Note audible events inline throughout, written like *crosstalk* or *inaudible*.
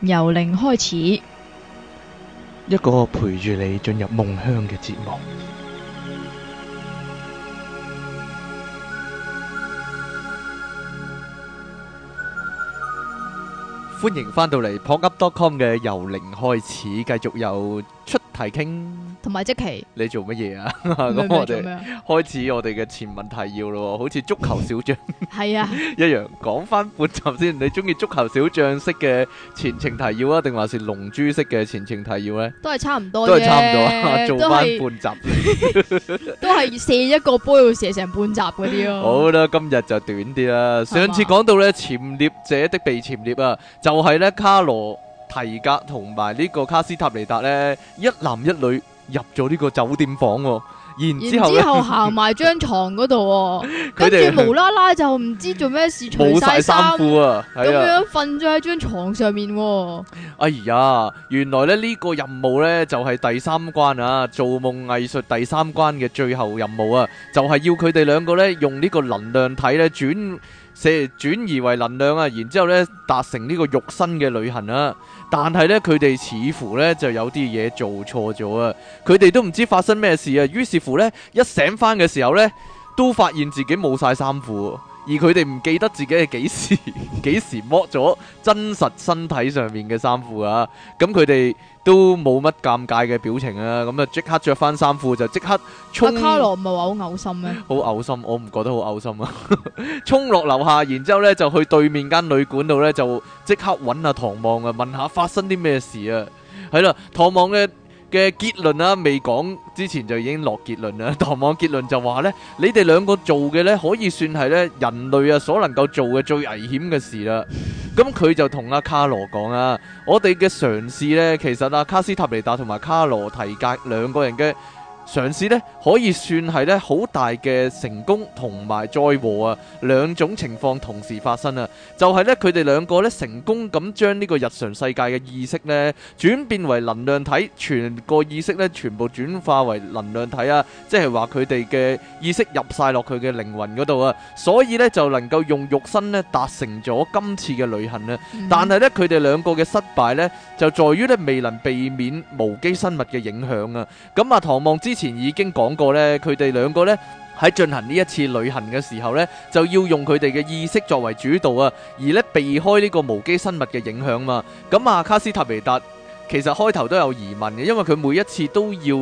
由零開始，一個陪住你進入夢鄉嘅節目。歡迎翻到嚟 popup.com 嘅由零開始，繼續有。提傾同埋即期，你做乜嘢啊？咁我哋開始我哋嘅前文提要咯，好似足球小將，係啊，一樣講翻半集先。你中意足球小將式嘅前情提要啊，定話是龍珠式嘅前情提要咧？都係差唔多，都係差唔多，做翻半集，都係射一個波會射成半集嗰啲咯。好啦，今日就短啲啦。上次講到咧，潛獵者的被潛獵啊，就係咧卡羅。提格同埋呢個卡斯塔尼達咧，一男一女入咗呢個酒店房，然之後之後行埋張床嗰度，跟住無啦啦就唔知做咩事，除晒衫褲啊，咁樣瞓咗喺張床上面。哎呀，原來咧呢個任務咧就係第三關啊，做夢藝術第三關嘅最後任務啊，就係要佢哋兩個咧用呢個能量體咧轉。射轉移為能量啊！然之後咧，達成呢個肉身嘅旅行啊。但係咧，佢哋似乎咧就有啲嘢做錯咗啊！佢哋都唔知發生咩事啊！於是乎咧，一醒翻嘅時候咧，都發現自己冇晒衫褲，而佢哋唔記得自己係幾時幾時剝咗真實身體上面嘅衫褲啊！咁佢哋，都冇乜尷尬嘅表情啊！咁啊，即刻着翻衫褲就即刻衝。阿卡羅唔係話好嘔心咩？好嘔心，我唔覺得好嘔心啊！衝落樓下，然之後呢就去對面間旅館度呢，就即刻揾阿唐望啊，問下發生啲咩事啊！係啦，唐望嘅嘅結論啊，未講之前就已經落結論啦。唐望結論就話呢，你哋兩個做嘅呢，可以算係呢人類啊所能夠做嘅最危險嘅事啦。咁佢就同阿卡羅講啊，我哋嘅嘗試呢，其實阿卡斯塔尼達同埋卡羅提格兩個人嘅，嘗試咧可以算係咧好大嘅成功同埋災禍啊，兩種情況同時發生啊，就係咧佢哋兩個咧成功咁將呢個日常世界嘅意識咧轉變為能量體，全個意識咧全部轉化為能量體啊！即係話佢哋嘅意識入曬落佢嘅靈魂度啊，所以咧就能夠用肉身咧達成咗今次嘅旅行啊。但係咧佢哋兩個嘅失敗咧就在於咧未能避免無機生物嘅影響啊！咁啊，唐望之。之前已經講過咧，佢哋兩個咧喺進行呢一次旅行嘅時候咧，就要用佢哋嘅意識作為主導啊，而咧避開呢個無機生物嘅影響嘛。咁啊，卡斯塔維達其實開頭都有疑問嘅，因為佢每一次都要。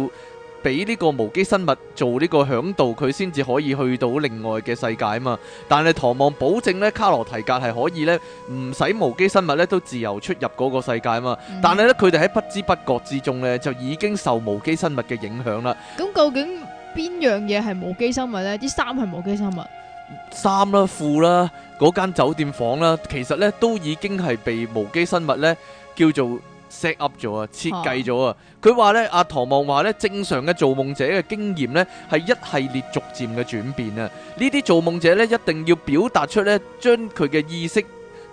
俾呢個無機生物做呢個嚮導，佢先至可以去到另外嘅世界啊嘛！但係唐望保證咧，卡羅提格係可以咧，唔使無機生物咧都自由出入嗰個世界啊嘛！但係咧，佢哋喺不知不覺之中咧就已經受無機生物嘅影響啦。咁究竟邊樣嘢係無機生物咧？啲衫係無機生物？衫啦、褲啦、嗰間酒店房啦，其實咧都已經係被無機生物咧叫做。set up 咗啊，設計咗啊！佢話咧，阿唐望話咧，正常嘅做夢者嘅經驗咧，係一系列逐漸嘅轉變啊！呢啲做夢者咧，一定要表達出咧，將佢嘅意識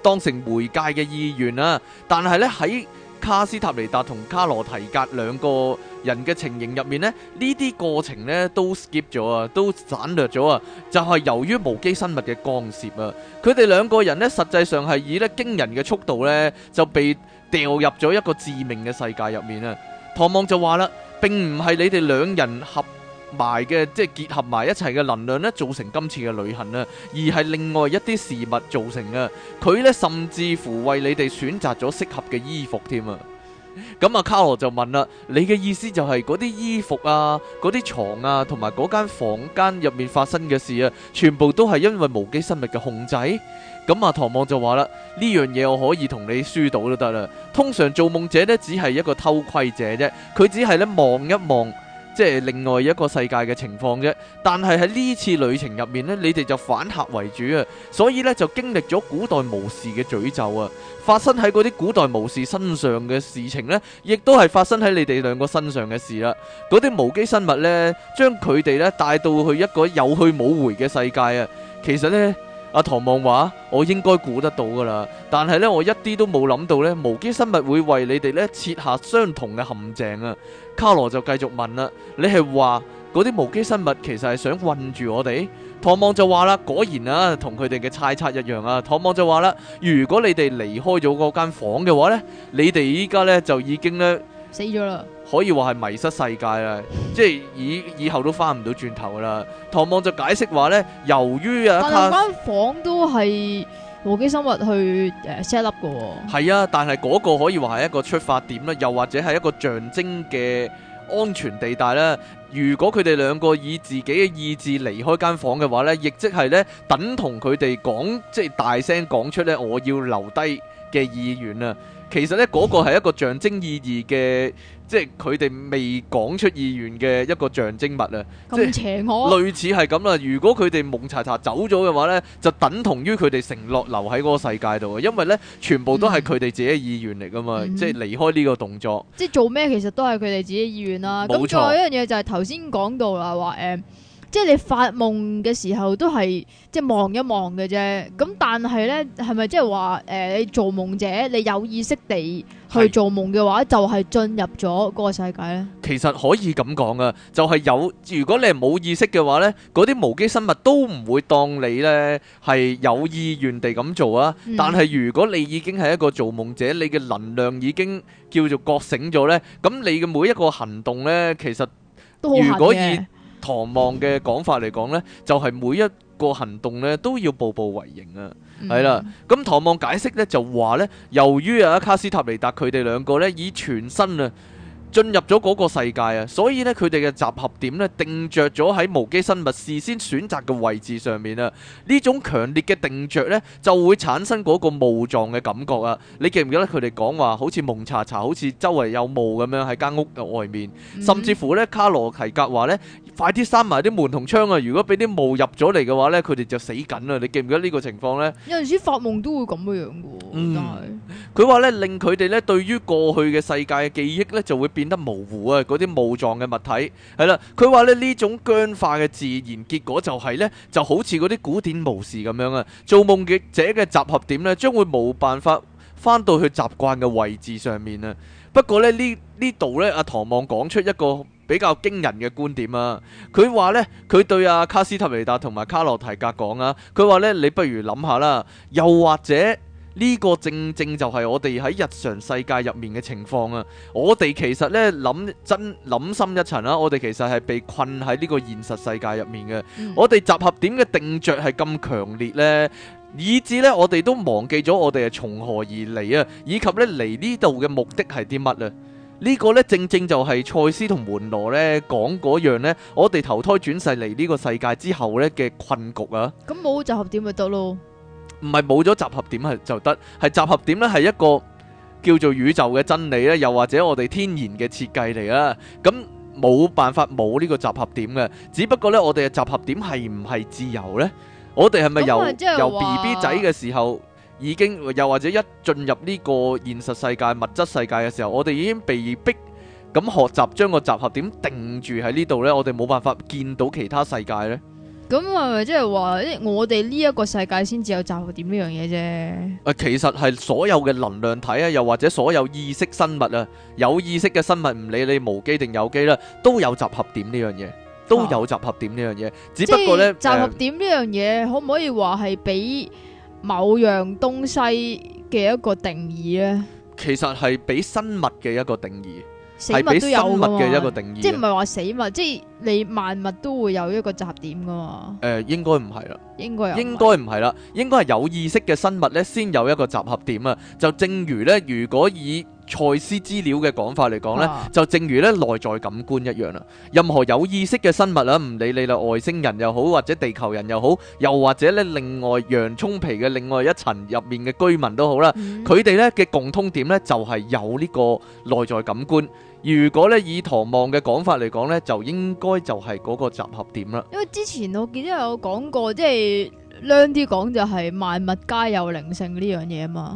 當成媒介嘅意願啊！但係咧，喺卡斯塔尼達同卡羅提格兩個人嘅情形入面呢，呢啲過程呢都 skip 咗啊，都省略咗啊，就係由於無機生物嘅干涉啊。佢哋兩個人呢，實際上係以呢驚人嘅速度呢，就被掉入咗一個致命嘅世界入面啊。唐望就話啦，並唔係你哋兩人合埋嘅，即係結合埋一齊嘅能量呢，造成今次嘅旅行啊，而係另外一啲事物造成啊。佢呢甚至乎為你哋選擇咗適合嘅衣服添啊。咁啊，卡羅就問啦，你嘅意思就係嗰啲衣服啊、嗰啲床啊，同埋嗰間房間入面發生嘅事啊，全部都係因為無機生物嘅控制？咁啊，唐望就話啦，呢樣嘢我可以同你輸到都得啦。通常做夢者呢，只係一個偷窺者啫，佢只係咧望一望。即係另外一個世界嘅情況啫，但係喺呢次旅程入面咧，你哋就反客為主啊，所以咧就經歷咗古代巫師嘅詛咒啊，發生喺嗰啲古代巫師身上嘅事情咧，亦都係發生喺你哋兩個身上嘅事啦。嗰啲無機生物咧，將佢哋咧帶到去一個有去冇回嘅世界啊，其實咧。阿、啊、唐望話：我應該估得到噶啦，但係咧，我一啲都冇諗到咧，無機生物會為你哋咧設下相同嘅陷阱！啊！卡羅就繼續問啦：你係話嗰啲無機生物其實係想困住我哋？唐望就話啦：果然啊，同佢哋嘅猜測一樣啊！唐望就話啦：如果你哋離開咗嗰間房嘅話咧，你哋依家咧就已經咧死咗啦。可以話係迷失世界啦，即係以以後都翻唔到轉頭啦。唐望就解釋話呢，由於啊，但間房都係無機生物去誒 set up 嘅。係啊，但係嗰個可以話係一個出發點啦，又或者係一個象徵嘅安全地帶啦。如果佢哋兩個以自己嘅意志離開間房嘅話咧，亦即係咧，等同佢哋講，即係大聲講出咧，我要留低嘅意願啊！其實咧個係一個象徵意義嘅，即係佢哋未講出意願嘅一個象徵物啊！即邪我類似係咁啦。如果佢哋蒙查查走咗嘅話咧，就等同於佢哋承諾留喺個世界度啊！因為咧，全部都係佢哋自己嘅意願嚟噶嘛，即係離開呢個動作，即係做咩其實都係佢哋自己嘅意願啦、啊。咁仲有一樣嘢就係、是。頭先講到啦，話誒，即係你發夢嘅時候都係即係望一望嘅啫。咁但係咧，係咪即係話誒，你做夢者，你有意識地去做夢嘅話，就係進入咗嗰個世界咧？其實可以咁講啊，就係有。如果你係冇意識嘅話咧，嗰啲無機生物都唔會當你咧係有意願地咁做啊。但係如果你已經係一個做夢者，你嘅能量已經叫做覺醒咗咧，咁你嘅每一個行動咧，其實。如果以唐望嘅講法嚟講呢、嗯、就係、是、每一個行動呢都要步步為營啊，係、嗯、啦。咁唐望解釋呢，就話呢，由於啊卡斯塔尼達佢哋兩個呢以全身啊。進入咗嗰個世界啊，所以呢，佢哋嘅集合點呢定著咗喺無機生物事先選擇嘅位置上面啊。呢種強烈嘅定著呢，就會產生嗰個霧狀嘅感覺啊！你記唔記得佢哋講話好似蒙查查，好似周圍有霧咁樣喺間屋嘅外面，甚至乎呢，卡羅提格話呢。快啲閂埋啲門同窗啊！如果俾啲霧入咗嚟嘅話咧，佢哋就死緊啦！你記唔記得呢個情況咧？有陣時發夢都會咁嘅樣嘅，真係。佢話咧，令佢哋咧對於過去嘅世界嘅記憶咧，就會變得模糊啊！嗰啲霧狀嘅物體係啦。佢話咧，呢種僵化嘅自然結果就係咧，就好似嗰啲古典巫士咁樣啊！做夢嘅者嘅集合點咧，將會冇辦法翻到去習慣嘅位置上面啊！不過咧，呢呢度咧，阿唐望講出一個。比較驚人嘅觀點啊！佢話呢，佢對阿、啊、卡斯特·尼達同埋卡洛提格講啊，佢話呢：「你不如諗下啦，又或者呢個正正就係我哋喺日常世界入面嘅情況啊！我哋其實呢，諗真諗深一層啦、啊，我哋其實係被困喺呢個現實世界入面嘅、嗯，我哋集合點嘅定着係咁強烈呢，以致呢，我哋都忘記咗我哋係從何而嚟啊，以及呢嚟呢度嘅目的係啲乜啊！呢個咧正正就係賽斯同門羅咧講嗰樣咧，我哋投胎轉世嚟呢個世界之後咧嘅困局啊！咁冇集合點咪得咯？唔係冇咗集合點係就得，係集合點咧係一個叫做宇宙嘅真理咧，又或者我哋天然嘅設計嚟啊！咁冇辦法冇呢個集合點嘅，只不過呢，我哋嘅集合點係唔係自由呢？我哋係咪由由 B B 仔嘅時候？已經又或者一進入呢個現實世界物質世界嘅時候，我哋已經被逼咁學習將個集合點定住喺呢度咧，我哋冇辦法見到其他世界咧。咁係咪即係話，我哋呢一個世界先至有集合點呢樣嘢啫？誒，其實係所有嘅能量體啊，又或者所有意識生物啊，有意識嘅生物，唔理你無機定有機啦，都有集合點呢樣嘢，都有集合點呢樣嘢。只不過咧，集合點呢樣嘢可唔可以話係比？某樣東西嘅一個定義咧，其實係俾生物嘅一個定義，死物都有，係俾生物嘅一個定義。即係唔係話死物，即係你萬物都會有一個集合點噶嘛？誒、呃，應該唔係啦，應該應該唔係啦，應該係有意識嘅生物咧，先有一個集合點啊！就正如咧，如果以賽斯資料嘅講法嚟講呢，就正如咧，內在感官一樣啦。任何有意識嘅生物啦，唔理你啦，外星人又好，或者地球人又好，又或者咧，另外洋葱皮嘅另外一層入面嘅居民都好啦，佢哋咧嘅共通點呢，就係有呢個內在感官。如果咧，以唐望嘅講法嚟講呢，就應該就係嗰個集合點啦。因為之前我記得有講過，即係靚啲講就係、是、萬物皆有靈性呢樣嘢啊嘛。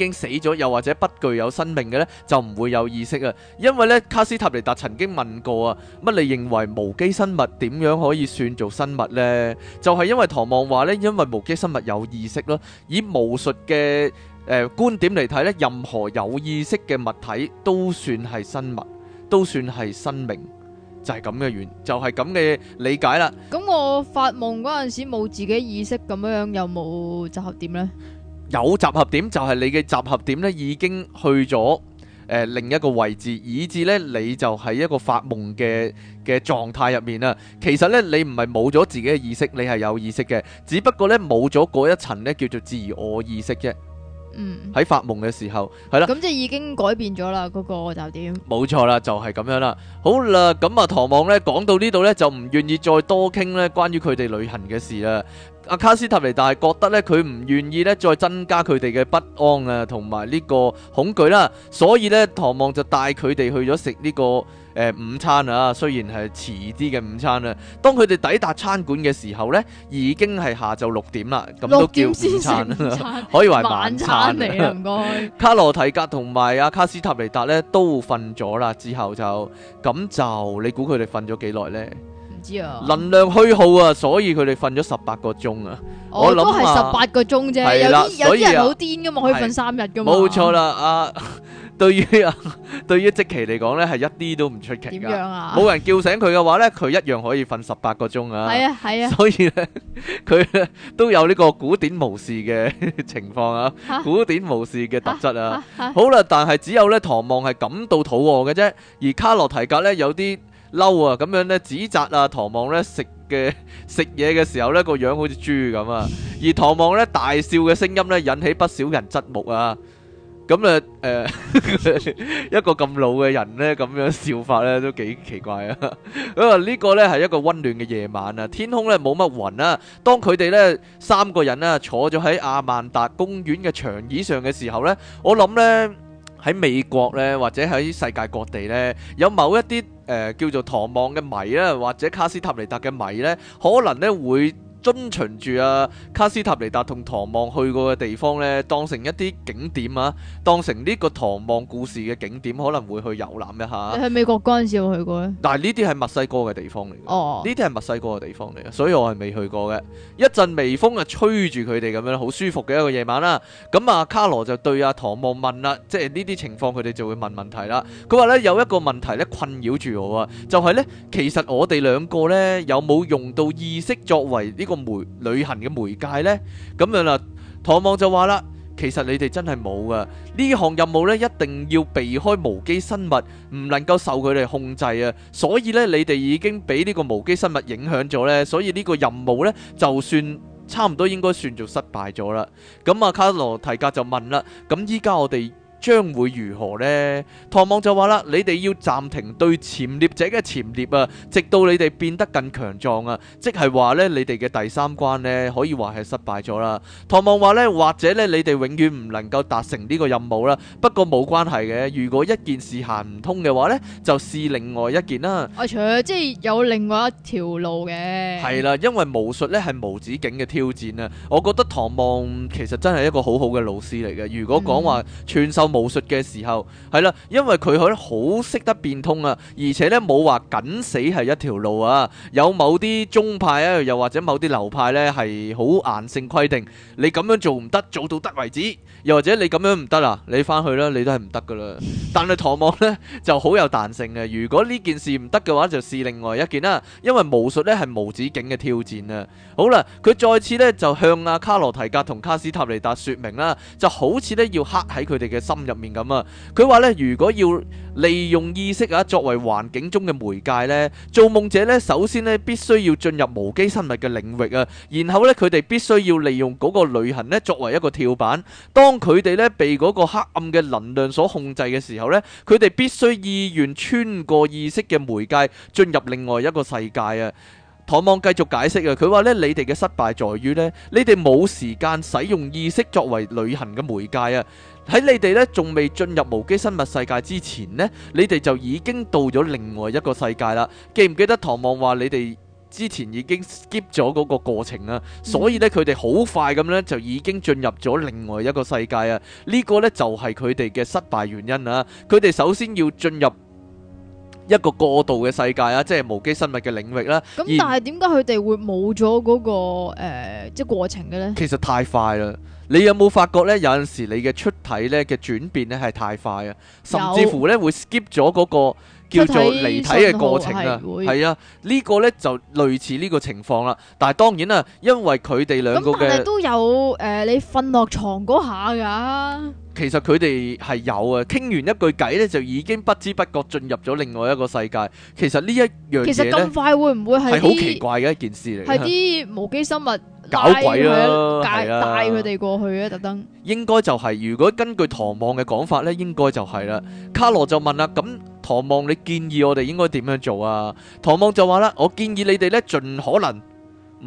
已經死咗，又或者不具有生命嘅咧，就唔會有意識啊。因為咧，卡斯塔尼達曾經問過啊，乜你認為無機生物點樣可以算做生物咧？就係因為唐望話咧，因為無機生物有意識咯。以巫術嘅誒觀點嚟睇咧，任何有意識嘅物體都算係生物，都算係生命，就係咁嘅原因，就係咁嘅理解啦。咁我發夢嗰陣時冇自己意識咁樣樣，有冇集合點咧？有集合點就係、是、你嘅集合點已經去咗誒、呃、另一個位置，以致呢你就係一個發夢嘅嘅狀態入面啦。其實呢你唔係冇咗自己嘅意識，你係有意識嘅，只不過呢冇咗嗰一層叫做自我意識啫。嗯，喺發夢嘅時候係、嗯、啦，咁即係已經改變咗啦，嗰、那個就點？冇錯啦，就係、是、咁樣啦。好啦，咁啊，唐望呢講到呢度呢就唔願意再多傾咧關於佢哋旅行嘅事啦。阿卡斯塔尼達覺得咧，佢唔願意咧再增加佢哋嘅不安啊，同埋呢個恐懼啦，所以咧，唐望就帶佢哋去咗食呢個誒午餐啊，雖然係遲啲嘅午餐啦。當佢哋抵達餐館嘅時候咧，已經係下晝六點啦，咁都叫午餐， *laughs* 可以話晚餐嚟唔該。卡羅提格同埋阿卡斯塔尼達咧都瞓咗啦，之後就咁就你估佢哋瞓咗幾耐咧？啊、能量虛耗啊，所以佢哋瞓咗十八個鐘啊。哦、我想啊都係十八個鐘啫，有啲、啊、人好癲噶嘛，可以瞓三日噶嘛。冇錯啦，阿、啊、對於阿、啊、對於即期嚟講呢，係一啲都唔出奇噶。冇、啊、人叫醒佢嘅話呢，佢一樣可以瞓十八個鐘啊。係 *laughs* 啊係啊。所以呢，佢都有呢個古典巫士嘅情況啊，啊，古典巫士嘅特質啊，啊，啊，啊。好啦，但係只有呢唐望係感到肚餓嘅啫，而卡洛提格呢，有啲。嬲啊！咁樣咧，指責啊，唐望咧食嘅食嘢嘅時候咧，個樣好似豬咁啊！而唐望咧大笑嘅聲音咧，引起不少人側目啊！咁啊，誒一個咁老嘅人咧，咁樣笑法咧，都幾奇怪啊！啊，呢個咧係一個溫暖嘅夜晚啊，天空咧冇乜雲啊。當佢哋咧三個人啊坐咗喺亞曼達公園嘅長椅上嘅時候咧，我諗咧喺美國咧，或者喺世界各地咧，有某一啲。誒、呃、叫做唐望嘅迷啦，或者卡斯塔尼特嘅迷咧，可能咧會。遵循住啊卡斯塔尼達同唐望去過嘅地方咧，當成一啲景點啊，當成呢個唐望故事嘅景點，可能會去遊覽一下。你喺美國嗰陣時有去過咧？但係呢啲係墨西哥嘅地方嚟嘅。哦，呢啲係墨西哥嘅地方嚟嘅，所以我係未去過嘅。一陣微風啊，吹住佢哋咁樣，好舒服嘅一個夜晚啦、啊。咁啊，卡羅就對阿、啊、唐望問啦、啊，即係呢啲情況，佢哋就會問問題啦。佢話呢，有一個問題呢，困擾住我啊，就係、是、呢，其實我哋兩個呢，有冇用到意識作為呢、這個？個媒旅行嘅媒介咧，咁樣啦，唐望就話啦，其實你哋真係冇啊，呢項任務咧一定要避開無機生物，唔能夠受佢哋控制啊，所以咧你哋已經俾呢個無機生物影響咗咧，所以呢個任務咧就算差唔多應該算做失敗咗啦。咁阿卡羅提格就問啦，咁依家我哋。將會如何呢？唐望就話啦，你哋要暫停對潛獵者嘅潛獵啊，直到你哋變得更強壯啊，即係話呢，你哋嘅第三關呢，可以話係失敗咗啦。唐望話呢，或者呢，你哋永遠唔能夠達成呢個任務啦。不過冇關係嘅，如果一件事行唔通嘅話呢，就試另外一件啦。我除咗即係有另外一條路嘅，係啦，因為巫術呢係無止境嘅挑戰啊。我覺得唐望其實真係一個好好嘅老師嚟嘅。如果講話傳授、嗯。巫術嘅時候係啦，因為佢可好識得變通啊，而且咧冇話緊死係一條路啊，有某啲宗派啊，又或者某啲流派咧係好硬性規定，你咁樣做唔得，做到得為止，又或者你咁樣唔得啊，你翻去啦，你都係唔得噶啦。但係唐望咧就好有彈性嘅，如果呢件事唔得嘅話，就試另外一件啦。因為巫術咧係無止境嘅挑戰啊。好啦，佢再次咧就向阿卡羅提格同卡斯塔尼達說明啦，就好似咧要刻喺佢哋嘅心入面咁啊。佢話咧，如果要利用意識啊作為環境中嘅媒介咧，做夢者咧首先咧必須要進入無機生物嘅領域啊，然後咧佢哋必須要利用嗰個旅行咧作為一個跳板。當佢哋咧被嗰個黑暗嘅能量所控制嘅時候咧，佢哋必須意願穿過意識嘅媒介進入另外一個世界啊。唐望繼續解釋啊。佢話咧，你哋嘅失敗在於咧，你哋冇時間使用意識作為旅行嘅媒介啊！喺你哋呢仲未進入無機生物世界之前呢，你哋就已經到咗另外一個世界啦。記唔記得唐望話你哋之前已經 skip 咗嗰個過程啊？所以呢，佢哋好快咁呢就已經進入咗另外一個世界啊！呢個呢就係佢哋嘅失敗原因啦！佢哋首先要進入一個過渡嘅世界啊，即係無機生物嘅領域啦。咁但係點解佢哋會冇咗嗰個誒、呃、即係過程嘅呢？其實太快啦。你有冇發覺呢？有陣時你嘅出體呢，嘅轉變呢係太快啊，甚至乎呢會 skip 咗嗰個叫做離體嘅過程啊。係啊，呢個呢就類似呢個情況啦。但係當然啦，因為佢哋兩個嘅都有誒、呃，你瞓落床嗰下噶、啊。其實佢哋係有啊，傾完一句偈呢，就已經不知不覺進入咗另外一個世界。其實呢一樣嘢，其實咁快會唔會係好奇怪嘅一件事嚟？係啲無機生物。搞鬼咯，帶佢哋過去啊！特登應該就係，如果根據唐望嘅講法呢，應該就係啦。卡羅就問啦：咁唐望，你建議我哋應該點樣做啊？唐望就話啦：我建議你哋呢，盡可能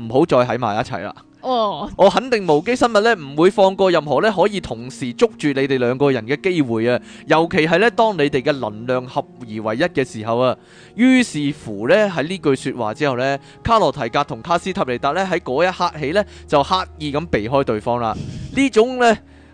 唔好再喺埋一齊啦。哦，我肯定無機生物咧，唔會放過任何咧可以同時捉住你哋兩個人嘅機會啊！尤其係咧，當你哋嘅能量合而為一嘅時候啊，於是乎咧，喺呢句說話之後咧，卡洛提格同卡斯塔尼達咧喺嗰一刻起咧就刻意咁避開對方啦。這種呢種咧。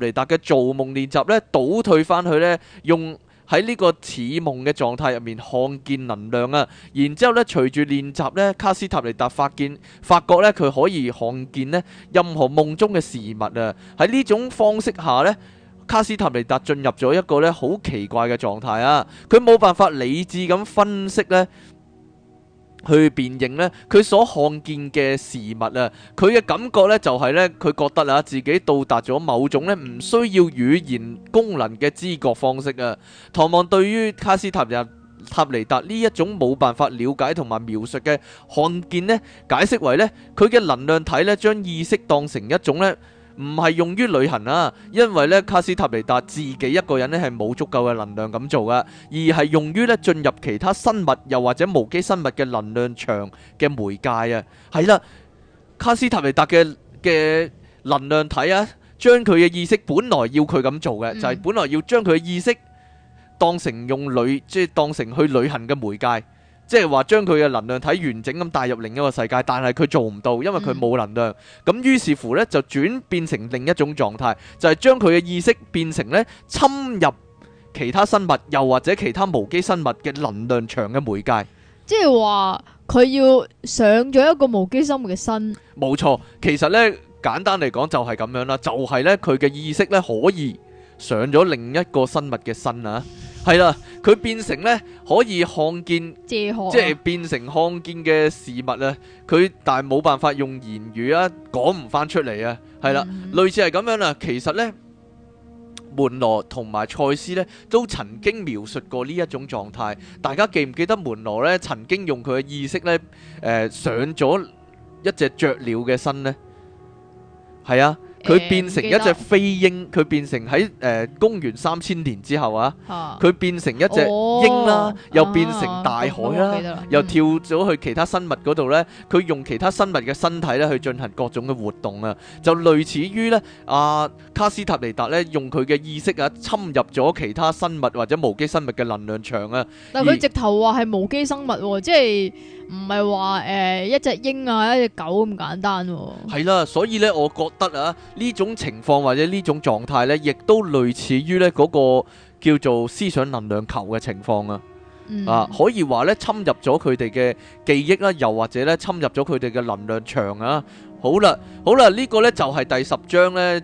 尼達嘅造夢練習咧倒退翻去咧，用喺呢個似夢嘅狀態入面看見能量啊，然之後咧隨住練習咧，卡斯塔尼達發現發覺咧佢可以看見呢任何夢中嘅事物啊，喺呢種方式下咧，卡斯塔尼達進入咗一個咧好奇怪嘅狀態啊，佢冇辦法理智咁分析咧。去辨認呢，佢所看見嘅事物啊，佢嘅感覺呢，就係呢，佢覺得啊自己到達咗某種呢唔需要語言功能嘅知覺方式啊。唐望對於卡斯塔日塔尼達呢一種冇辦法了解同埋描述嘅看見呢，解釋為呢，佢嘅能量體呢，將意識當成一種呢。唔係用於旅行啊，因為咧卡斯塔尼達自己一個人咧係冇足夠嘅能量咁做噶，而係用於咧進入其他生物又或者無機生物嘅能量場嘅媒介啊。係啦，卡斯塔尼達嘅嘅能量體啊，將佢嘅意識本來要佢咁做嘅，就係本來要將佢嘅意識當成用旅，即係當成去旅行嘅媒介。即係話將佢嘅能量體完整咁帶入另一個世界，但係佢做唔到，因為佢冇能量。咁、嗯、於是乎呢，就轉變成另一種狀態，就係將佢嘅意識變成呢，侵入其他生物，又或者其他無機生物嘅能量場嘅媒介。即係話佢要上咗一個無機生物嘅身。冇錯，其實呢，簡單嚟講就係咁樣啦，就係呢，佢嘅意識呢，可以上咗另一個生物嘅身啊！係啦，佢變成呢，可以看見，即係變成看見嘅事物啊！佢但係冇辦法用言語啊講唔翻出嚟啊！係啦，嗯、類似係咁樣啦。其實呢，門羅同埋賽斯呢都曾經描述過呢一種狀態。大家記唔記得門羅呢曾經用佢嘅意識呢誒、呃、上咗一隻雀鳥嘅身呢？係啊。佢變成一隻飛鷹，佢變成喺誒公元三千年之後啊，佢變成一隻鷹啦，又變成大海啦，又跳咗去其他生物嗰度呢。佢用其他生物嘅身體咧去進行各種嘅活動啊，就類似於呢阿卡斯塔尼達呢，用佢嘅意識啊侵入咗其他生物或者無機生物嘅能量場啊，但佢直頭話係無機生物喎，即係。唔係話誒一隻鷹啊，一隻狗咁簡單係啦，所以呢，我覺得啊呢種情況或者呢種狀態呢，亦都類似於呢嗰個叫做思想能量球嘅情況啊、嗯、啊可以話呢，侵入咗佢哋嘅記憶啦、啊，又或者呢，侵入咗佢哋嘅能量場啊，好啦好啦呢、呢個咧就係第十章呢。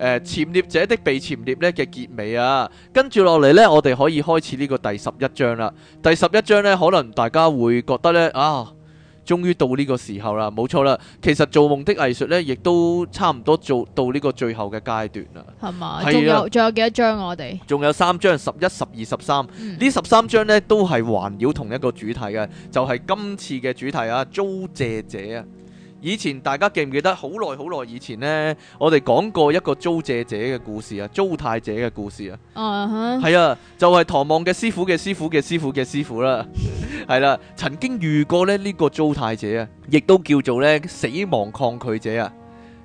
誒、呃，潛獵者的被潛獵咧嘅結尾啊，跟住落嚟呢，我哋可以開始呢個第十一章啦。第十一章呢，可能大家會覺得呢，啊，終於到呢個時候啦，冇錯啦。其實做夢的藝術呢，亦都差唔多做到呢個最後嘅階段啦。係嘛？仲有幾幾多章、啊、我哋？仲有三章，十一、十二、十三。呢、嗯、十三章呢，都係環繞同一個主題嘅，就係、是、今次嘅主題啊，租借者啊。以前大家記唔記得好耐好耐以前呢，我哋講過一個租借者嘅故事啊，租貸者嘅故事啊，係、uh -huh. 啊，就係、是、唐望嘅師傅嘅師傅嘅師傅嘅師傅啦，係 *laughs* 啦、啊，曾經遇過咧呢個租貸者啊，亦都叫做咧死亡抗拒者啊，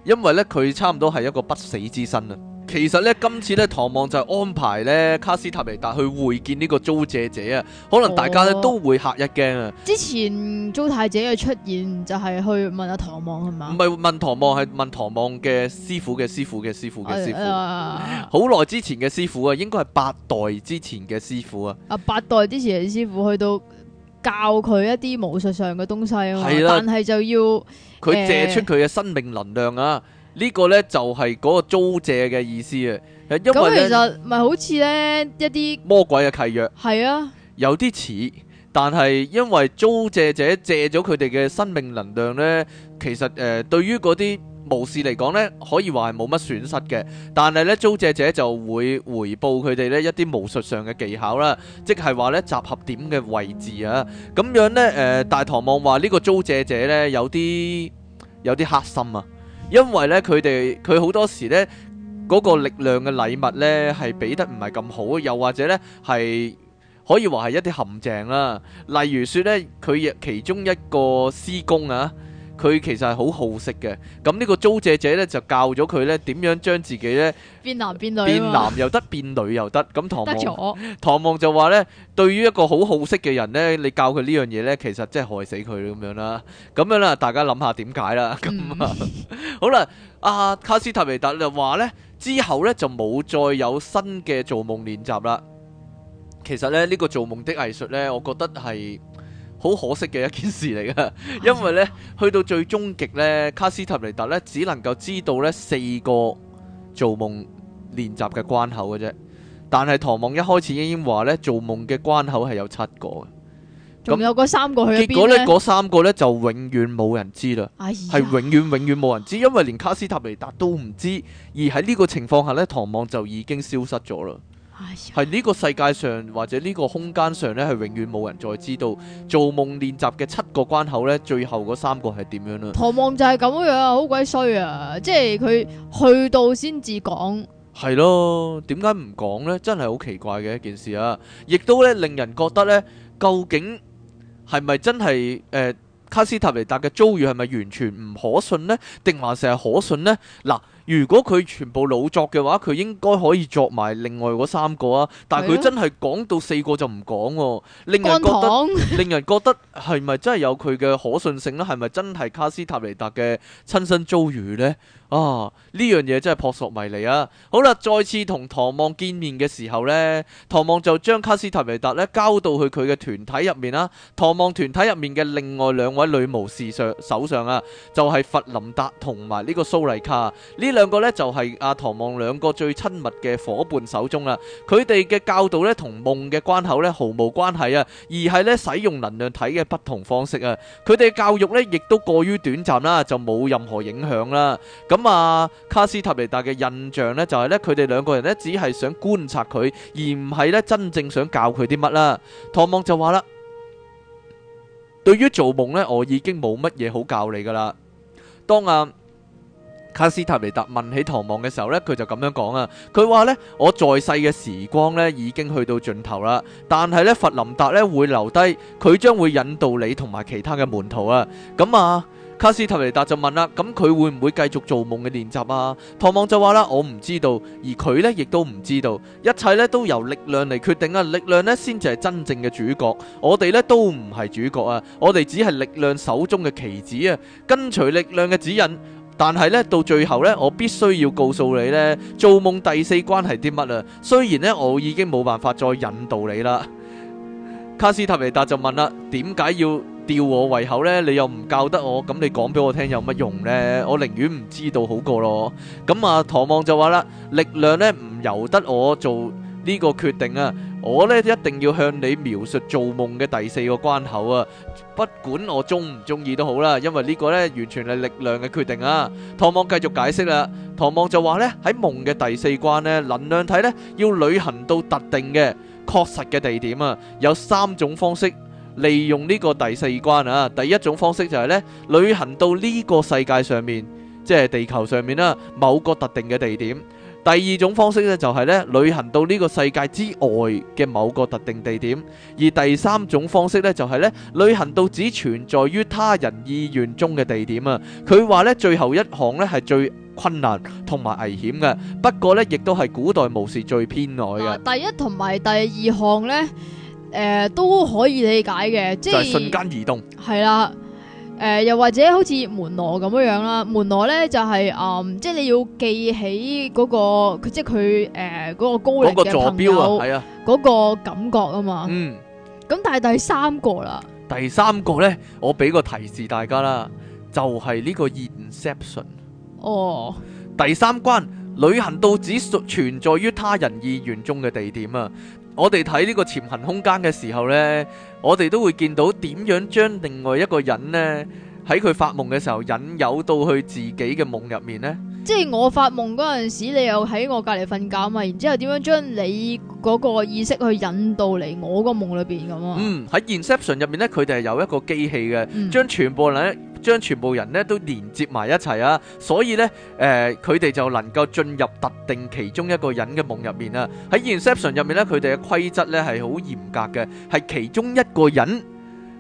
因為呢，佢差唔多係一個不死之身啊。其實咧，今次咧，唐望就安排咧，卡斯塔尼達去會見呢個租借者啊。可能大家咧都會吓一驚啊、哦！之前租太者嘅出現就係去問阿、啊、唐望係嘛？唔係問唐望，係問唐望嘅師傅嘅師傅嘅師傅嘅師，師傅。好、啊、耐之前嘅師傅啊，應該係八代之前嘅師傅啊。啊，八代之前嘅師傅去到教佢一啲武術上嘅東西啊。係啊，但係就要佢借出佢嘅生命能量啊。呃呢、這個呢，就係嗰個租借嘅意思啊！咁其實咪好似呢一啲魔鬼嘅契約係啊，有啲似，但係因為租借者借咗佢哋嘅生命能量呢，其實誒、呃、對於嗰啲巫士嚟講呢，可以話係冇乜損失嘅。但係呢，租借者就會回報佢哋呢一啲巫術上嘅技巧啦，即係話呢集合點嘅位置啊。咁樣呢，誒、呃、大唐望話呢個租借者呢，有啲有啲黑心啊！因為咧，佢哋佢好多時咧，嗰個力量嘅禮物咧，係俾得唔係咁好，又或者咧係可以話係一啲陷阱啦。例如說咧，佢其中一個師公啊，佢其實係好好色嘅，咁呢個租借者呢，就教咗佢呢點樣將自己呢變男變女，啊變男，變男又得變女又得。咁唐望唐望就話呢：「對於一個好好色嘅人呢，你教佢呢樣嘢呢，其實真係害死佢咁樣啦。咁樣啦，大家諗下點解啦？嗯、 *laughs* *laughs* 好啦，阿、啊、卡斯塔尼達就話呢，之後呢就冇再有新嘅做夢練習啦。其實呢，呢、呢個做夢的藝術呢，我覺得係好可惜嘅一件事嚟噶，因為呢，去到最終極呢，卡斯塔尼達呢，只能夠知道呢四個做夢練習嘅關口嘅啫，但係唐望一開始已經話呢，做夢嘅關口係有七個嘅，仲有嗰三個去咗邊呢？結果呢，嗰三個呢，就永遠冇人知啦，係、哎、永遠永遠冇人知，因為連卡斯塔尼達都唔知，而喺呢個情況下呢，唐望就已經消失咗啦。係呢個世界上或者呢個空間上呢係永遠冇人再知道做夢練習嘅七個關口呢，最後嗰三個係點樣啦？唐望就係咁樣，好鬼衰啊！即係佢去到先至講，係咯？點解唔講呢？真係好奇怪嘅一件事啊！亦都咧令人覺得呢，究竟係咪真係誒、呃、卡斯塔尼達嘅遭遇係咪完全唔可信呢？定還是係可信呢？嗱。如果佢全部老作嘅話，佢應該可以作埋另外嗰三個啊。但係佢真係講到四個就唔講，令人覺得令人覺得係咪真係有佢嘅可信性呢？係咪真係卡斯塔尼達嘅親身遭遇呢？啊！呢樣嘢真係撲朔迷離啊！好啦，再次同唐望見面嘅時候咧，唐望就將卡斯特維達咧交到去佢嘅團體入面啦。唐望團體入面嘅另外兩位女巫士上手上啊，就係弗林達同埋呢個蘇麗卡。呢兩個咧就係阿唐望兩個最親密嘅夥伴手中啦。佢哋嘅教導咧同夢嘅關口咧毫無關係啊，而係咧使用能量體嘅不同方式啊。佢哋嘅教育咧亦都過於短暫啦，就冇任何影響啦。咁。咁啊，卡斯塔尼達嘅印象呢，就係呢，佢哋兩個人呢，只係想觀察佢，而唔係呢，真正想教佢啲乜啦。唐望就話啦，對於做夢呢，我已經冇乜嘢好教你噶啦。當啊卡斯塔尼達問起唐望嘅時候呢，佢就咁樣講啊，佢話呢，我在世嘅時光呢已經去到盡頭啦，但係呢，佛林達呢會留低，佢將會引導你同埋其他嘅門徒啊。咁啊。卡斯特尼達就問啦，咁佢會唔會繼續做夢嘅練習啊？唐望就話啦，我唔知道，而佢呢亦都唔知道，一切呢都由力量嚟決定啊！力量呢先至係真正嘅主角，我哋呢都唔係主角啊！我哋只係力量手中嘅棋子啊，跟隨力量嘅指引。但係呢，到最後呢，我必須要告訴你呢，做夢第四關係啲乜啊？雖然呢，我已經冇辦法再引導你啦。卡斯特尼達就問啦，點解要？吊我胃口咧，你又唔教得我，咁你講俾我聽有乜用咧？我寧願唔知道好過咯。咁啊，唐望就話啦，力量咧，唔由得我做呢個決定啊，我咧，一定要向你描述做夢嘅第四個關口啊。不管我中唔中意都好啦，因為呢個咧，完全係力量嘅決定啊。唐望繼續解釋啦，唐望就話咧，喺夢嘅第四關咧，能量體咧要旅行到特定嘅確實嘅地點啊，有三種方式。利用呢個第四關啊，第一種方式就係咧旅行到呢個世界上面，即係地球上面啦、啊，某個特定嘅地點。第二種方式咧就係咧旅行到呢個世界之外嘅某個特定地點。而第三種方式咧就係咧旅行到只存在於他人意願中嘅地點啊。佢話咧最後一項咧係最困難同埋危險嘅，不過咧亦都係古代巫士最偏愛嘅。第一同埋第二項咧。誒、呃，都可以理解嘅，即係、就是、瞬間移動，係啦。誒、呃，又或者好似門羅咁樣樣啦，門羅咧就係、是、誒，即、嗯、係、就是、你要記起嗰、那個佢，即係佢誒嗰個高力嘅朋友啊，係啊，嗰個感覺嘛、那個、啊嘛。嗯，咁但係第三個啦、嗯，第三個咧，我俾個提示大家啦，就係、是、呢個 inception。哦，第三關旅行到只存在於他人意願中嘅地點啊！我哋睇呢個潛行空間嘅時候咧，我哋都會見到點樣將另外一個人咧喺佢發夢嘅時候引誘到去自己嘅夢入面咧。即係我發夢嗰陣時，你又喺我隔離瞓覺啊嘛，然之後點樣將你嗰個意識去引到嚟我個夢裏邊咁啊？嗯，喺 Inception 入面咧，佢哋係有一個機器嘅，將全部咧。將全部人咧都連接埋一齊啊，所以咧，誒，佢哋就能夠進入特定其中一個人嘅夢入面啊。喺《Inception》入面咧，佢哋嘅規則咧係好嚴格嘅，係其中一個人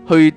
去，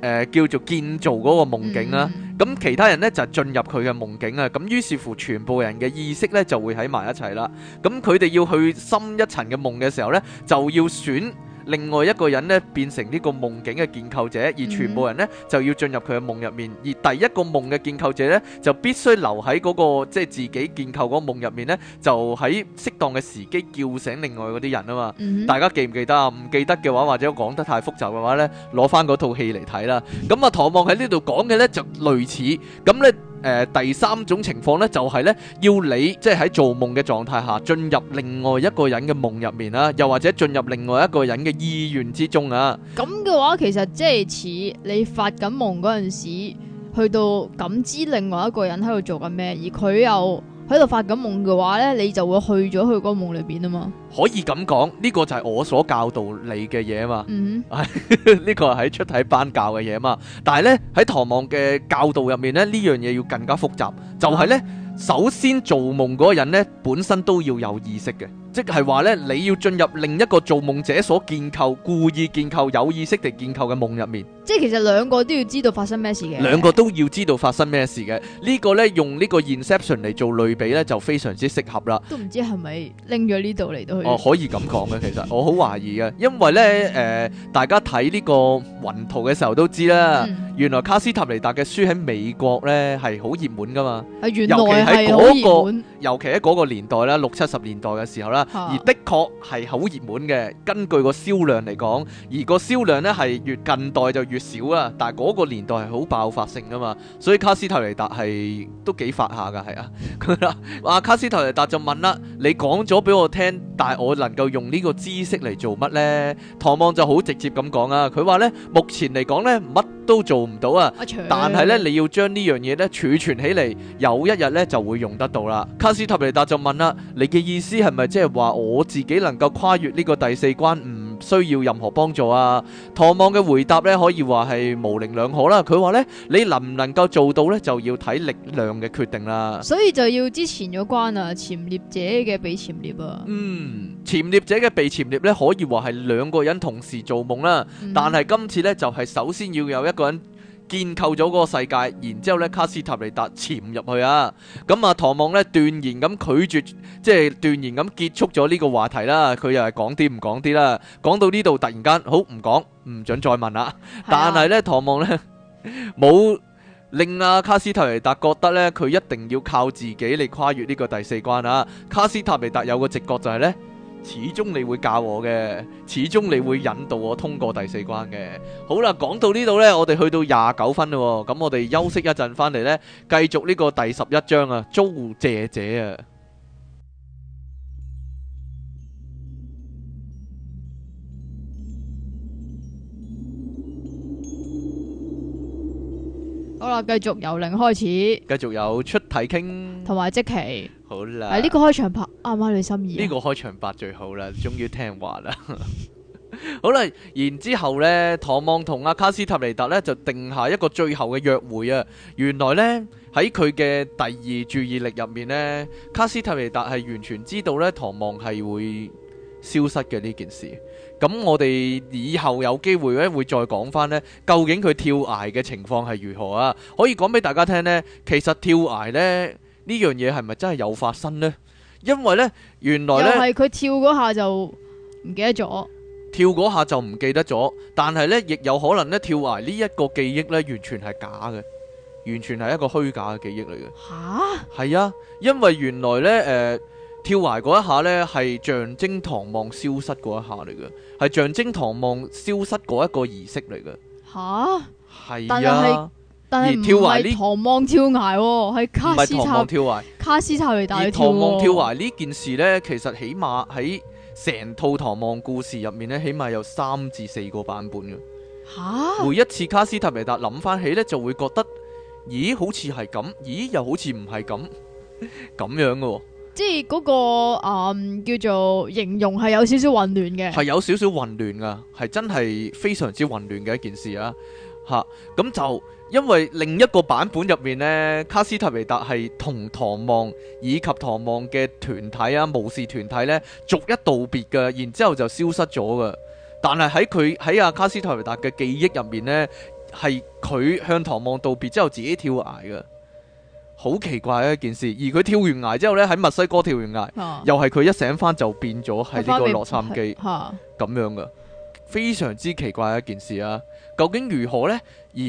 誒，叫做建造嗰個夢境啦。咁其他人咧就進入佢嘅夢境啊。咁於是乎，全部人嘅意識咧就會喺埋一齊啦。咁佢哋要去深一層嘅夢嘅時候咧，就要選。另外一個人咧變成呢個夢境嘅建構者，而全部人咧就要進入佢嘅夢入面。而第一個夢嘅建構者咧就必須留喺嗰個即係自己建構嗰個夢入面咧，就喺適當嘅時機叫醒另外嗰啲人啊嘛。Mm-hmm. 大家記唔記得啊？唔記得嘅話，或者講得太複雜嘅話咧，攞翻嗰套戲嚟睇啦。咁啊，唐望喺呢度講嘅咧就類似咁咧。誒、呃，第三種情況呢，就係、是、咧要你即係喺做夢嘅狀態下進入另外一個人嘅夢入面啦，又或者進入另外一個人嘅意願之中啊。咁嘅話，其實即係似你發緊夢嗰陣時候，去到感知另外一個人喺度做緊咩，而佢又。喺度發緊夢嘅話咧，你就會去咗佢嗰夢裏邊啊嘛。可以咁講，呢、這個就係我所教導你嘅嘢啊嘛。係、mm、呢 -hmm. *laughs* 個係喺出體班教嘅嘢啊嘛。但係咧喺唐望嘅教導入面咧，呢樣嘢要更加複雜，就係、是、咧。Mm -hmm. 首先做夢嗰個人咧，本身都要有意識嘅，即係話咧，你要進入另一個做夢者所建構、故意建構、有意識地建構嘅夢入面。即係其實兩個都要知道發生咩事嘅。兩個都要知道發生咩事嘅。這個、呢個咧用呢個 inception 嚟做類比咧，就非常之適合啦。都唔知係咪拎咗呢度嚟都可以。哦，可以咁講嘅，其實 *laughs* 我好懷疑嘅，因為咧，誒、呃，大家睇呢個雲圖嘅時候都知啦，嗯、原來卡斯塔尼達嘅書喺美國咧係好熱門噶嘛。啊，原喺嗰、嗰個，尤其喺嗰個年代咧，六七十年代嘅時候啦，啊、而的確係好熱門嘅。根據個銷量嚟講，而個銷量咧係越近代就越少啊。但係嗰個年代係好爆發性噶嘛，所以卡斯特尼達係都幾發下噶，係啊。咁 *laughs* 卡斯特尼達就問啦：你講咗俾我聽，但係我能夠用呢個知識嚟做乜呢？」唐望就好直接咁講啊，佢話呢：「目前嚟講呢，乜都做唔到啊。但係呢，你要將這件事呢樣嘢呢儲存起嚟，有一日呢就，會用得到啦。卡斯塔尼達就問啦，你嘅意思係咪即係話我自己能夠跨越呢個第四關，唔需要任何幫助啊？唐望嘅回答咧可以話係模棱兩可啦。佢話咧，你能唔能夠做到咧，就要睇力量嘅決定啦。所以就要之前嗰關啊，潛獵者嘅被潛獵啊。嗯，潛獵者嘅被潛獵咧可以話係兩個人同時做夢啦。但係今次咧就係首先要有一個人。建構咗嗰個世界，然之後咧卡斯塔尼達潛入去啊，咁啊唐望咧斷然咁拒絕，即係斷然咁結束咗呢個話題啦。佢又係講啲唔講啲啦，講到呢度突然間好唔講，唔准再問啦。啊、但係咧唐望咧冇令阿卡斯塔尼達覺得咧，佢一定要靠自己嚟跨越呢個第四關啊。卡斯塔尼達有個直覺就係、是、咧。始終你會教我嘅，始終你會引導我通過第四關嘅。好啦，講到呢度呢，我哋去到廿九分喎。咁我哋休息一陣，翻嚟呢，繼續呢個第十一章啊，租借者啊！好啦，繼續由零開始。繼續有出題傾，同埋即期。好啦，呢、這個開場白啱唔啱，啊、你心意，啊。呢、這個開場白最好啦，終於聽話啦。 *laughs* *laughs* 好啦，然之後咧，唐望同阿卡斯塔尼達呢就定下一個最後嘅約會啊。原來呢，喺佢嘅第二注意力入面呢，卡斯塔尼達係完全知道呢，唐望係會消失嘅呢件事。咁我哋以後有機會咧，會再講翻呢，究竟佢跳崖嘅情況係如何啊？可以講俾大家聽呢。其實跳崖呢，呢樣嘢係咪真係有發生呢？因為呢，原來呢，又係佢跳嗰下就唔記得咗，跳嗰下就唔記得咗。但係呢，亦有可能呢，跳崖呢一個記憶呢，完全係假嘅，完全係一個虛假嘅記憶嚟嘅。吓？係啊，因為原來呢。誒、呃。跳崖嗰一下呢，係象徵唐望消失嗰一下嚟嘅，係象徵唐望消失嗰一個儀式嚟嘅。吓，係啊，但係唔呢？跳崖唐望跳崖，哦，係卡斯係跳崖，卡斯塔尼達跳。唐望跳崖呢件事呢，其實起碼喺成套唐望故事入面呢，起碼有三至四個版本嘅。吓，每一次卡斯塔尼達諗翻起呢，就會覺得，咦，好似係咁，咦，又好似唔係咁，咁 *laughs* 樣嘅，哦。即係嗰、那個、嗯、叫做形容係有少少混亂嘅，係有少少混亂噶，係真係非常之混亂嘅一件事啊！吓、啊、咁就因為另一個版本入面呢，卡斯特維達係同唐望以及唐望嘅團體啊，武士團體呢逐一道別嘅，然之後就消失咗噶。但係喺佢喺阿卡斯特維達嘅記憶入面呢，係佢向唐望道別之後自己跳崖嘅。好奇怪嘅一件事，而佢跳完崖之後呢，喺墨西哥跳完崖，啊、又係佢一醒返就變咗係呢個洛杉磯咁樣噶，啊、非常之奇怪嘅一件事啊！究竟如何呢？而